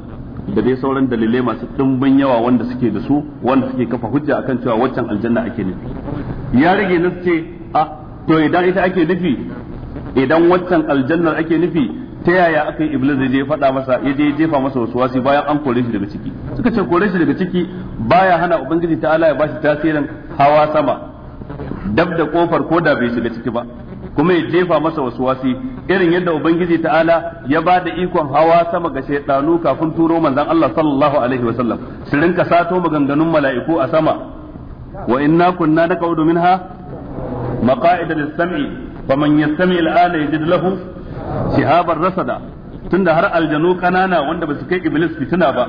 da dai sauran dalilai masu ɗumbin yawa wanda suke da su wanda suke kafa hujja akan cewa waccan aljanna ake nufi ya rage na ce a ah, to idan ita ake nufi idan waccan aljannar ake nufi ta yaya aka yi iblis je faɗa masa ya je jefa masa wasu wasi bayan an kore shi daga ciki suka ce kore shi daga ciki baya hana ubangiji ta'ala ya bashi tasirin hawa sama dab da kofar ko da bai shiga ciki ba kuma ya jefa masa wasu wasi irin yadda ubangiji ta'ala ya ba da ikon hawa sama ga shaidanu kafin turo manzon Allah sallallahu alaihi wasallam su rinka sato maganganun mala'iku a sama wa inna kunna naqaudu minha maqa'ida lis-sam'i faman yastami al-ana yajid lahu shihaban rasada tunda har aljanu kanana wanda ba su kai iblis fitina ba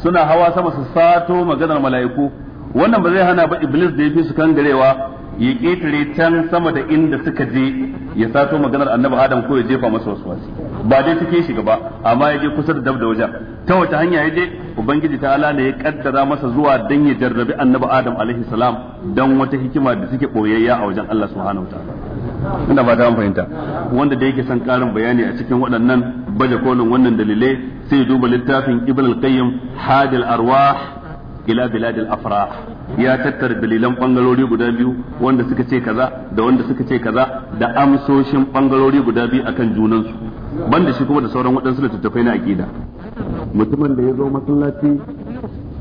suna hawa sama su sato maganar mala'iku wannan ba zai hana ba iblis da ya fi su kangarewa ya ƙetare can sama da inda suka je ya sato maganar annabi adam ko ya jefa masa wasu wasu ba dai suke shiga ba amma ya je kusa da dab da wajen ta wata hanya ya je ubangiji ta ala ne ya kaddara masa zuwa dan ya jarrabi annabi adam alaihi salam dan wata hikima da suke boyayya a wajen Allah subhanahu wataala ina ba ta fahimta wanda da yake son karin bayani a cikin waɗannan baje kolin wannan dalilai sai duba littafin ibn al-qayyim hadil arwah ila biladil afrah ya tattara dalilan bangarori guda biyu wanda suka ce kaza da wanda suka ce kaza da amsoshin bangarori guda biyu akan junansu ban da shi kuma da sauran waɗansu littattafai na aqida mutumin da ya zo masallaci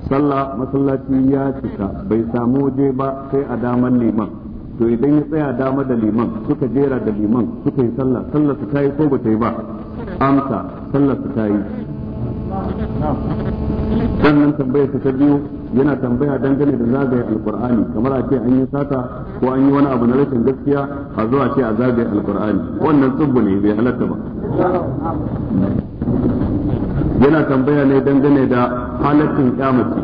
sallah masallaci ya cika bai samu waje ba sai a daman liman to idan ya tsaya dama da liman suka jera da liman suka yi sallah sallar su ta yi ko ba ta yi ba amsa sallar su ta yi sannan tambaya ta biyu yana tambaya dangane da zagaye alkur'ani kamar a ce an yi sata ko an yi wani abu na rashin gaskiya a zuwa ce a zagaye alkur'ani wannan tsubbu ne bai halatta ba yana tambaya ne dangane da halaccin kyamaci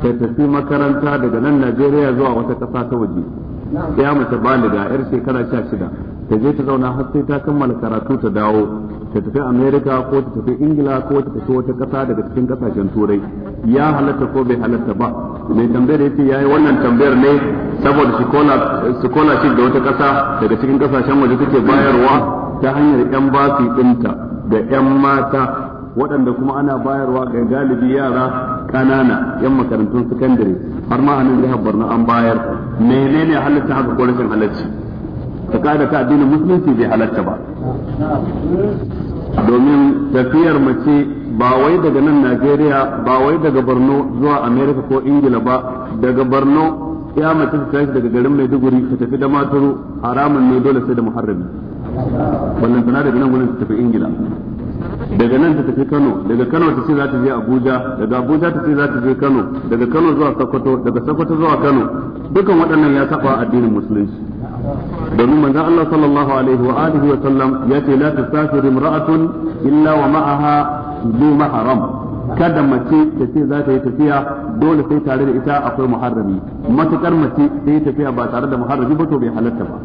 ta tafi makaranta daga nan najeriya zuwa wata kasa ta waje ya mace baliga yar shekara sha shida ta je ta zauna har sai ta kammala karatu ta dawo ta tafi amerika ko ta tafi ingila ko ta tafi wata kasa daga cikin kasashen turai ya halatta ko bai halatta ba mai tambayar ya ce yayi wannan tambayar ne saboda shi da wata kasa daga cikin kasashen waje take bayarwa ta hanyar yan basi dinta da yan mata waɗanda kuma ana bayarwa ga galibi yara kanana yan makarantun sakandare har ma a nan jihar Borno an bayar menene halitta haka ko rashin halacci ka kada ka addinin musulunci bai halatta ba domin tafiyar mace ba wai daga nan Najeriya ba wai daga Borno zuwa America ko Ingila ba daga Borno ya mace ta tashi daga garin Maiduguri ta tafi da maturu haramun ne dole sai da muharrami wannan tana daga nan gurin ta tafi Ingila daga nan ta tafi Kano daga Kano ta ce za ta je Abuja daga Abuja ta ce za ta je Kano daga Kano zuwa Sokoto daga Sokoto zuwa Kano dukan waɗannan ya saba addinin musulunci domin manzon Allah sallallahu alaihi wa alihi wa sallam ya ce la tasafiru imra'atun illa wa ma'aha zu mahram kada mace ta ce za ta yi tafiya dole sai tare da ita akwai muharrami matukar mace ta tafiya ba tare da muharrami ba to bai halatta ba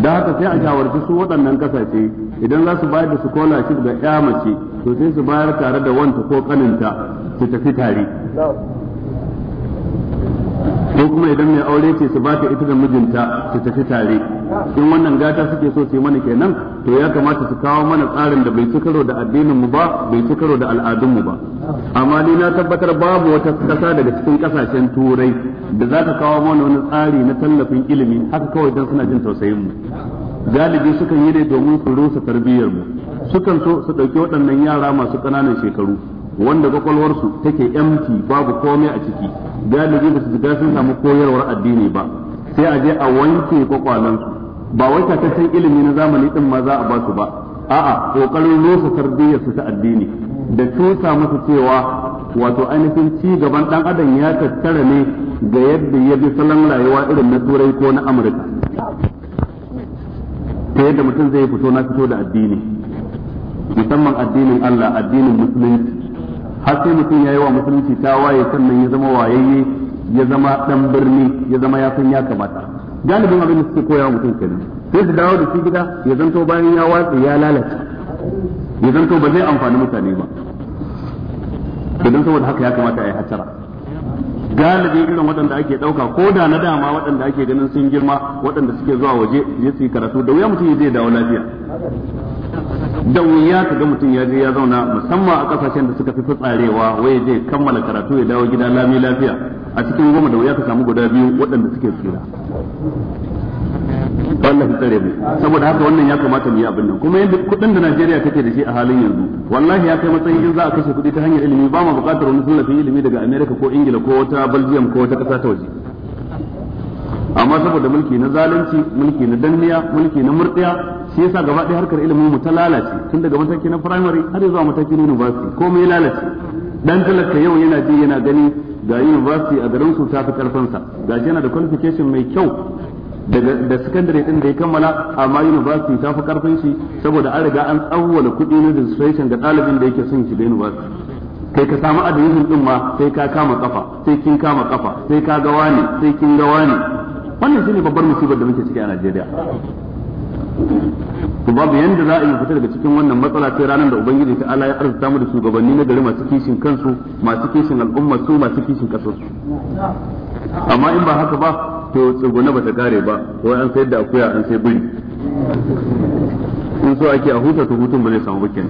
da haka sai a shawarci su waɗannan ƙasashe idan za su bayar da shi ga ya mace to sai su bayar tare da wanta ko kaninta su tafi tare ko kuma idan mai aure ce su bata ita da mijinta su tafi tare in wannan gata suke so su yi mana kenan to ya kamata su kawo mana tsarin da bai ci da addinin mu ba bai ci da al'adun mu ba amma ni na tabbatar babu wata kasa daga cikin kasashen turai da za ka kawo mana wani tsari na tallafin ilimi haka kawai dan suna jin tausayin mu galibi sukan yi ne domin su rusa tarbiyyar mu sukan so su ɗauki waɗannan yara masu ƙananan shekaru wanda kwakwalwarsu take empty babu komai a ciki galibi ba su shiga sun samu koyarwar addini ba sai a je a wanke kwakwalansu ba wai takaccen ilimi na zamani din ma za a ba su ba a'a kokarin rusa tarbiyyar su ta addini da tusa musu cewa wato ainihin ci gaban dan adam ya tattara ne ga yadda ya bi salon rayuwa irin na turai ko na amurka ta yadda mutum zai fito na fito da addini musamman addinin allah addinin musulunci har sai mutum ya yi wa musulunci ta waye sannan ya zama wayayye ya zama dan birni ya zama ya san ya kamata galibin abin da suke koya mutum kenan sai su dawo da shi gida ya zanto bayan ya watsa ya lalace ya zanto ba zai amfani mutane ba idan saboda haka ya kamata a yi hatsara galibi irin waɗanda ake ɗauka ko da na dama waɗanda ake ganin sun girma waɗanda suke zuwa waje ya su karatu da wuya mutum ya je dawo lafiya da wuya ka ga mutum ya je ya zauna musamman a kasashen da suka fi fitsarewa waye je kammala karatu ya dawo gida lami lafiya a cikin goma da wuya ka samu guda biyu waɗanda suke tsira Allah ya tsare mai saboda haka wannan ya kamata mu yi abin nan kuma yadda kuɗin da Najeriya take da shi a halin yanzu wallahi ya kai matsayin in za a kashe kuɗi ta hanyar ilimi ba mu buƙatar wani tallafin ilimi daga America ko Ingila ko wata Belgium ko wata ƙasa ta waje amma saboda mulki na zalunci mulki na danniya mulki na murdiya shi yasa gaba ɗaya harkar ilimin mu ta lalace tun daga mataki na primary har zuwa mataki na university ko ya lalace dan talaka yau yana ji yana gani ga university a garin su ta fi karfin sa ga yana da qualification mai kyau daga da secondary din da ya kammala amma university ta fi karfin shi saboda an riga an tsawwala kuɗi na registration ga ɗalibin da yake son shi shiga university kai ka samu adadin din ma sai ka kama kafa sai kin kama kafa sai ka ga wani sai kin ga wani wannan shine babbar musibar da muke ciki a Najeriya to babu yanda za a yi fita daga cikin wannan matsala sai ranar da ubangiji ta Allah ya arzuta mu da shugabanni na gari masu kishin kansu masu kishin al'umma su masu kishin kasar su amma in ba haka ba to tsuguna ba ta kare ba wai an sayar da akuya an sai biri in so ake a huta to hutun ba zai samu bakin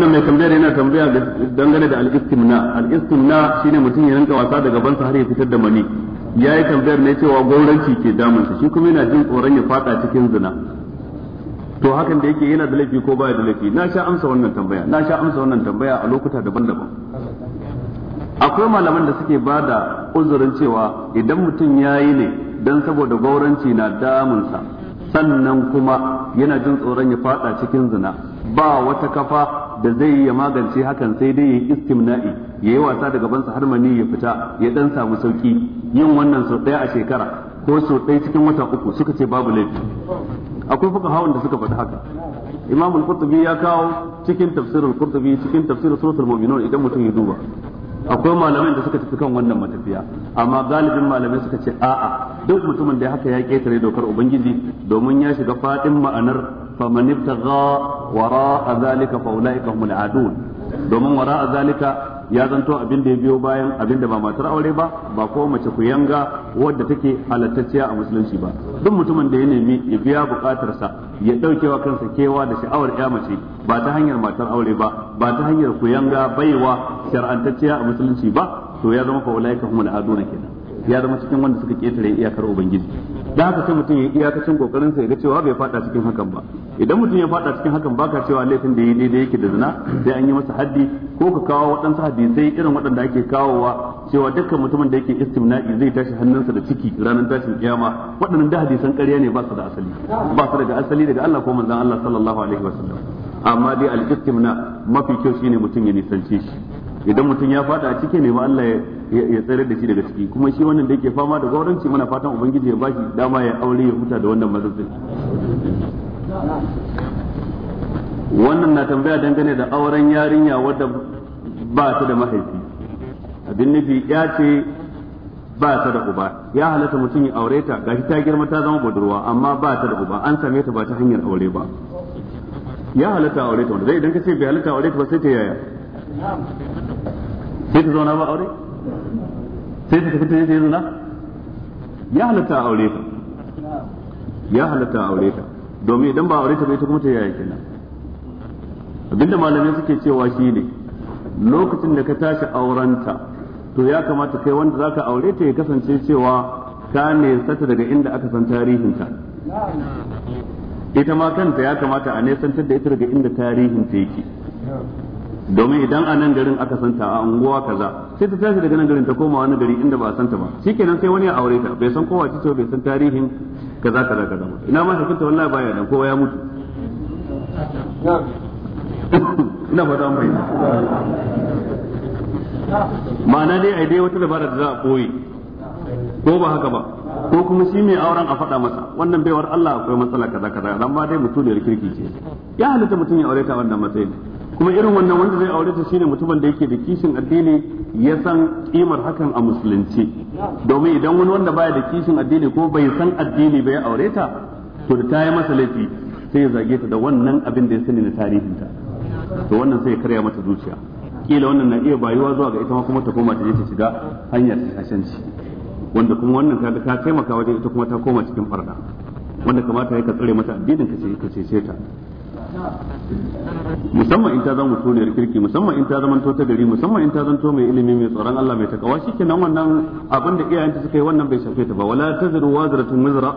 wannan mai tambayar yana tambaya dangane da al-istimna al-istimna shine mutum ya rinka wasa da sa har ya fitar da mani yayi tambayar ne cewa gauranci ke damunsa shi kuma yana jin tsoron ya fada cikin zina to hakan da yake yana da laifi ko baya da laifi na sha amsa wannan tambaya na sha amsa wannan tambaya a lokuta daban-daban akwai malaman da suke ba da uzurin cewa idan mutum ya yi ne don saboda gauranci na damunsa sannan kuma yana jin tsoron ya fada cikin zina ba wata kafa da zai yi ya magance hakan sai dai ya yi istimna'i ya yi wasa da gabansa har mani ya fita ya dan samu sauki yin wannan sau ɗaya a shekara ko sau ɗaya cikin wata uku suka ce babu laifi akwai fuka hawan da suka faɗi haka imam al ya kawo cikin tafsirul qurtubi cikin tafsirul suratul mu'minun idan mutum ya duba akwai malamai da suka tafi kan wannan matafiya amma galibin malamai suka ce a'a duk mutumin da haka ya ketare dokar ubangiji domin ya shiga fadin ma'anar faman ibtagha wara'a zalika fa ulaika humul adun domin wara zalika ya zanto abin da ya biyo bayan abin da ba matar aure ba ba ko mace ku yanga wadda take halattacciya a musulunci ba duk mutumin da ya nemi ya biya bukatarsa ya daukewa kansa kewa da sha'awar ya mace ba ta hanyar matar aure ba ba ta hanyar ku yanga baiwa shar'antacciya a musulunci ba to ya zama fa ulaika humul aduna kenan ya zama cikin wanda suka ketare iyakar ubangiji da haka sai mutum ya iyakacin kokarin sa ya ga cewa bai fada cikin hakan ba idan mutum ya fada cikin hakan baka cewa laifin da yayi da yake da zina sai an yi masa haddi ko ka kawo waɗansu hadisai irin waɗanda ake kawowa cewa dukkan mutumin da yake istimna'i zai tashi hannunsa da ciki ranar tashin kiyama waɗannan da hadisan ƙarya ne ba su da asali ba su daga asali daga Allah ko manzon Allah sallallahu alaihi wasallam amma dai al-istimna mafi kyau shine mutum ya nisance shi idan mutum ya fada a cikin ne ba Allah ya tsere da shi daga ciki kuma shi wannan da yake fama da gauranci muna fatan ubangiji ya bashi dama ya aure ya huta da wannan matsatsin wannan na tambaya dangane da auren yarinya wadda ba ta da mahaifi abin nufi ya ce ba ta da uba ya halatta mutum ya aure ta gashi ta girma ta zama budurwa amma ba ta da uba an same ta ba ta hanyar aure ba ya halatta aure ta wanda zai idan ka ce bai halatta aure ta ba sai ta yaya sai ta zauna ba aure sai ta tafi ta yi zina ya halatta a aure ta ya halatta a aure ta domin idan ba aure ta bai ta kuma ta yaya kenan abinda malamai suke cewa shi ne lokacin da ka tashi aurenta to ya kamata kai wanda za ka aure ta ya kasance cewa ka ne sata daga inda aka san tarihinta ita ma kanta ya kamata a nesantar da ita daga inda tarihinta yake domin idan a nan garin aka santa a unguwa kaza sai ta tashi daga nan garin ta koma wani gari inda ba a santa ba shikenan sai wani ya aure ta bai san kowa cewa bai san tarihin kaza kaza kaza ba ina ma shakunta wallahi baya dan kowa ya mutu [COUGHS] ina fata an bayyana ma'ana dai ai dai wata dabara da za a koyi ko ba haka ba ko kuma shi mai auren a faɗa masa wannan baiwar Allah akwai matsala kaza kaza dan ba dai mutuniyar kirki ce ya halitta mutum ya aure ta wannan matsayin kuma irin wannan wanda zai aure ta shine mutumin da yake da kishin addini ya san kimar hakan a musulunci domin idan wani wanda baya da kishin addini ko bai san addini ba ya aure ta to da tayi masa laifi sai ya zage ta da wannan abin da ya sani na tarihinta to wannan sai ya karya mata zuciya kila wannan na iya bayuwa zuwa ga ita ma kuma ta koma ta je ta shiga hanyar tashanci wanda kuma wannan kaga ta taimaka wajen ita kuma ta koma cikin farda wanda kamata ya ka tsare mata addinin ka ce ka ce ta musamman in ta zama mutuniyar kirki musamman in ta zama ta gari musamman in ta zanto mai ilimi mai tsoron Allah mai takawa shikenan wannan abin da iyayenta suka yi wannan bai shafe ta ba wala taziru wazratun mizra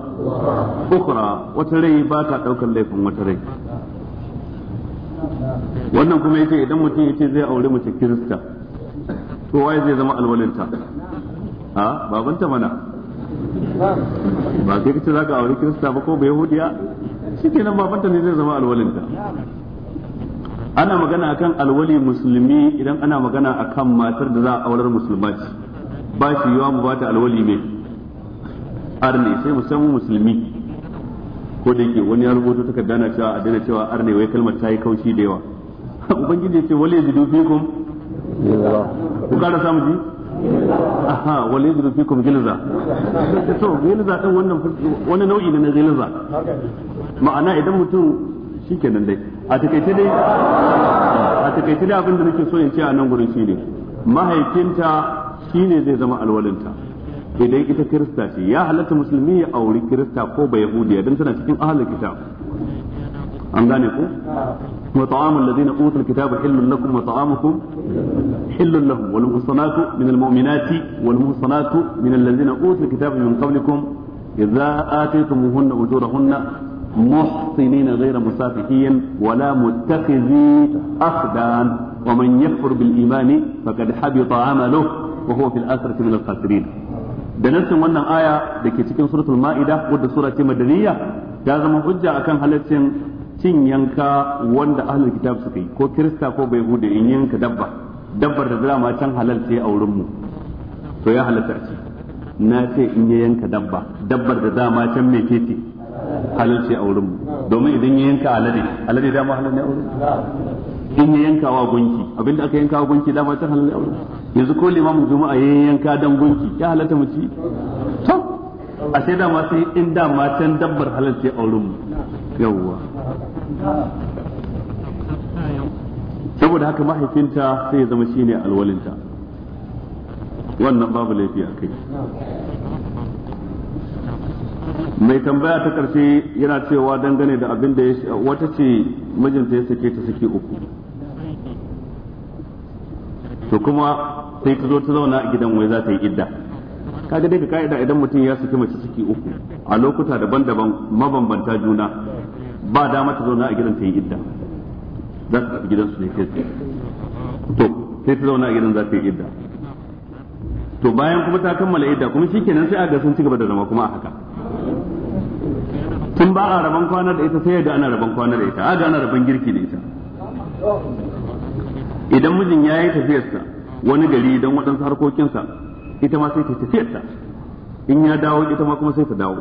ukhra wata rai ba ta daukar laifin wata rai wannan kuma yace idan mutum yace zai aure mace kirista to waye zai zama alwalinta a babanta mana ba kai kace zaka aure kirista ba ko ba yahudiya nan babanta ne zai zama alwalinta ana magana akan alwali musulmi idan ana magana akan matar da za a aurar musulma ce ba shi yawa mu bata alwali ne arne sai musamman musulmi ko da yake wani ya rubuta takarda na cewa a daina cewa arne wai kalmar ta yi kaushi da yawa [LAUGHS] ubangiji ya ce wale zidu fikum ku kara samu ji aha wale zidu fikum gilza [LAUGHS] to gilza din wannan wani nau'i ne na gilza ma'ana idan mutum shi shikenan dai a takaice dai a takaice dai abin da nake so in ce a nan gurin shine mahaifinta shine zai zama alwalinta idan ita kirista ce ya halatta musulmi ya auri kirista ko ba yahudiya dan tana cikin ahlul kitab an gane ku wa ta'amul ladina utul kitaba illal lakum wa ta'amukum hillul lahum wal muhsanatu min al mu'minati wal muhsanatu min alladhina utul kitaba min qablikum idza ataytumuhunna ujurahunna محصنين غير مسافحين ولا متخذي أخدان ومن يكفر بالإيمان فقد حبط عمله وهو في الآخرة من الخاسرين da nassin wannan aya da ke cikin suratul ma'ida wadda sura ce madaniya ta zama hujja akan halaccin cin yanka wanda ahlul kitab suka yi ko kirista ko bai hude in yanka dabba dabbar da zama can halal ce a wurin mu to ya halatta ce na ce in yanka dabba dabbar da zama can me ce halalci a wurin mu domin idan ya yanka alade alade da ma halal ne a wurin in ya yanka wa gunki abinda aka yanka wa gunki da ma ta halal ne a wurin yanzu ko limamin juma'a ya yanka dan gunki ya halatta mu ci to a sai da ma sai in da ma can dabbar halalci a wurin mu yawwa saboda haka mahaifinta sai ya zama shine alwalinta wannan babu laifi a kai mai tambaya ta karshe yana cewa dangane da abin da wata ce mijinta ya sake ta saki uku to kuma sai ta zo ta zauna a gidan wai za ta yi idda kaga dai ka ka'ida idan mutum ya saki mace saki uku a lokuta daban-daban mabambanta juna ba dama ta zauna a gidan ta yi idda za ta tafi su ne kai to sai ta zauna a gidan za ta yi idda to bayan kuma ta kammala idda kuma shikenan sai a ga sun ci gaba da zama kuma a haka tun ba a rabon kwana da ita sai yadda ana rabon kwana da ita aga ana rabon girki da ita idan mijin ya yi tafiyarsa wani gari don waɗansu harkokinsa ita ma sai ta tafiyarsa in ya dawo ita ma kuma sai ta dawo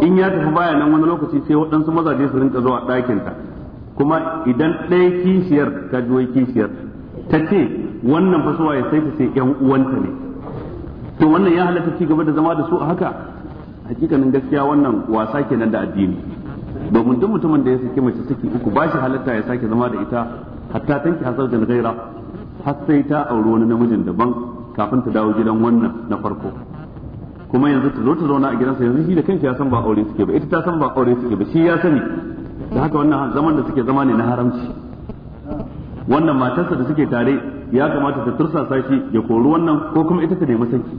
in ya tafi baya nan wani lokaci sai waɗansu mazaje su rinka zuwa ɗakinta kuma idan ɗaya kishiyar ta ji kishiyar ta ce wannan fasuwa ya sai ta ce ƴan uwanta ne to wannan ya halatta ci gaba da zama da su a haka hakikanin gaskiya wannan wasa kenan da addini domin duk mutumin da ya saki mace saki uku ba shi halitta ya sake zama da ita hatta tanki hasar da gaira har sai ta auri wani namijin daban kafin ta dawo gidan wannan na farko kuma yanzu ta zo ta zauna a gidansa yanzu shi da kanshi ya san ba aure suke ba ita ta san ba aure suke ba shi ya sani da haka wannan zaman da suke zama ne na haramci wannan matarsa da suke tare ya kamata ta tursasa shi ya kori wannan ko kuma ita ta nemi sanki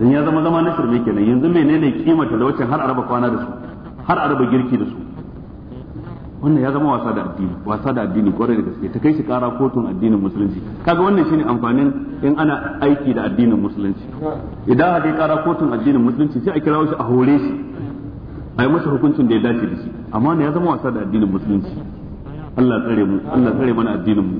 dan ya zama zama na shirme kenan yanzu menene kima talaucin har araba kwana da su har araba girki da su wannan ya zama wasa da addini wasa da addini kwarai da gaske ta kai shi kara kotun addinin musulunci kaga wannan shine amfanin in ana aiki da addinin musulunci idan aka kai kara kotun addinin musulunci sai a kira shi a hore shi a yi masa hukuncin da ya dace da shi amma ne ya zama wasa da addinin musulunci Allah tsare mu Allah tsare mana addinin mu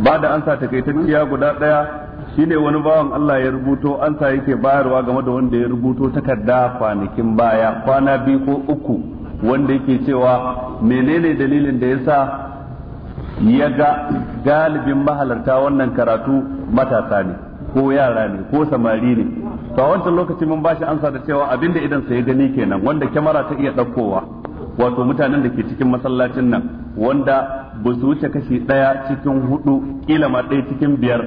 ba da an sa takaitacciya guda daya shine wani bawan Allah ya rubuto an sa yake bayarwa game da wanda ya rubuto takarda kwanakin baya kwana biyu ko uku wanda yake cewa menene dalilin da yasa ya ga galibin mahalarta wannan karatu matasa ne ko yara ne ko samari ne to a wancan lokaci mun bashi ansa da cewa abinda idan sa ya gani kenan wanda kyamara ta iya ɗaukowa wato mutanen da ke cikin masallacin nan wanda ba su wuce kashi ɗaya cikin hudu kila ma ɗaya cikin biyar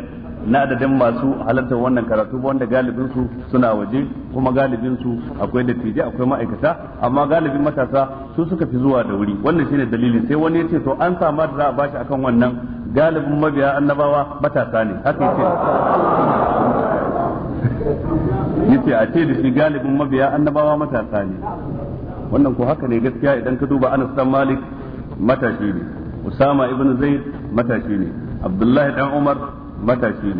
na adadin masu halartar wannan karatu ba wanda galibin su suna waje kuma galibin su akwai dattijai akwai ma'aikata amma galibin matasa su suka fi zuwa da wuri wannan shine dalili sai wani ya ce to an samu da za a bashi akan wannan galibin mabiya annabawa matasa ne haka yace yace a ce da shi galibin mabiya annabawa matasa ne wannan ko haka ne gaskiya idan ka duba Anas dan Malik matashi ne Usama ibn Zaid matashi ne Abdullahi dan Umar matashi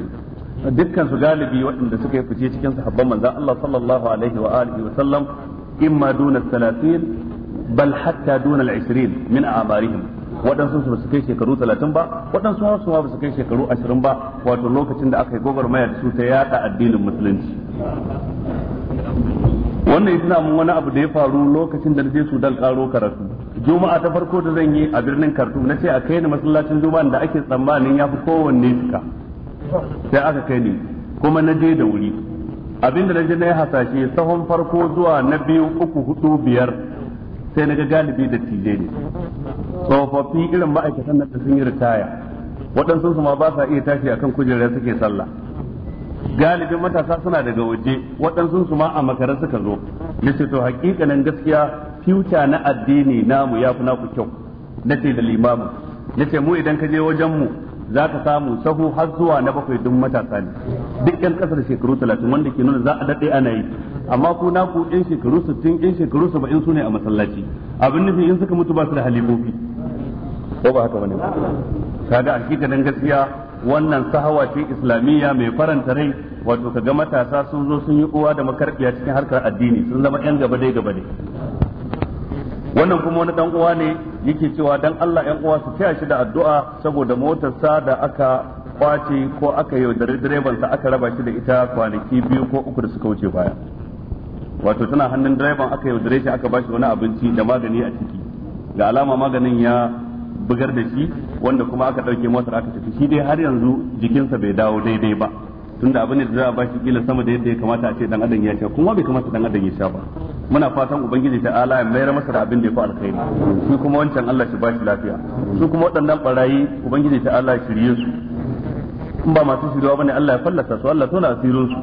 ne dukkan su galibi waɗanda suka yi fice cikin sahabban manzan Allah sallallahu alaihi wa alihi wa sallam imma duna salatin bal hatta duna al-20 min a'marihim waɗansu su su kai shekaru talatin ba waɗansu su ba su kai shekaru ashirin ba wato lokacin da aka yi gwagwarmaya da su ta yada addinin musulunci wannan yana mun wani abu da ya faru lokacin da na je Sudan karo karatu juma'a ta farko da zan yi a birnin Khartoum na ce a kai ni masallacin juma'a da ake tsammanin ya fi kowanne suka sai aka kai ni kuma na je da wuri abinda na je na yi hasashe sahon farko zuwa na biyu uku hudu biyar sai na ga galibi da tije ne tsofaffi irin ma'aikatan na sun yi ritaya waɗansu su ma ba sa iya tashi akan kujerar suke sallah galibin matasa suna daga waje waɗansu su ma a makarar suka zo nace to hakikanin gaskiya fiuta na addini namu ya fi naku kyau nace da limamin nace mu idan ka je wajen mu za ka samu sahu har zuwa na bakwai duk matasa ne duk yan kasar shekaru talatin wanda ke nuna za a daɗe ana yi amma ku na ku yan shekaru sittin yan shekaru saba'in su ne a masallaci abin nufin in suka mutu ba su da halimofi ko ba haka bane kaga hakikanin gaskiya wannan sahawa ce islamiyya mai faranta rai wato ka ga matasa sun zo sun yi uwa da makarbiya cikin harkar addini sun zama yan gaba dai gaba dai wannan kuma wani dan uwa ne yake cewa dan Allah ɗan uwa su taya shi da addu'a saboda motarsa da aka kwace ko aka da direban sa aka raba shi da ita kwanaki biyu ko uku da suka wuce baya wato tana hannun direban aka yaudare shi aka bashi wani abinci da magani a ciki ga alama maganin ya bugar da shi wanda kuma aka ɗauke motar aka tafi shi dai har yanzu jikinsa bai dawo daidai ba tunda abin da za a bashi kila sama da yadda ya kamata a ce dan adam ya sha kuma bai kamata dan adam ya sha ba muna fatan ubangiji ta ala ya mayar masa da abin da ya fi alkhairi shi kuma wancan Allah shi bashi lafiya su kuma waɗannan barayi ubangiji ta ala shirye su in ba masu shiryawa bane Allah ya fallasa su Allah tona asirin su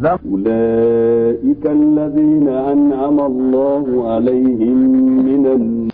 أولئك الذين أنعم الله عليهم من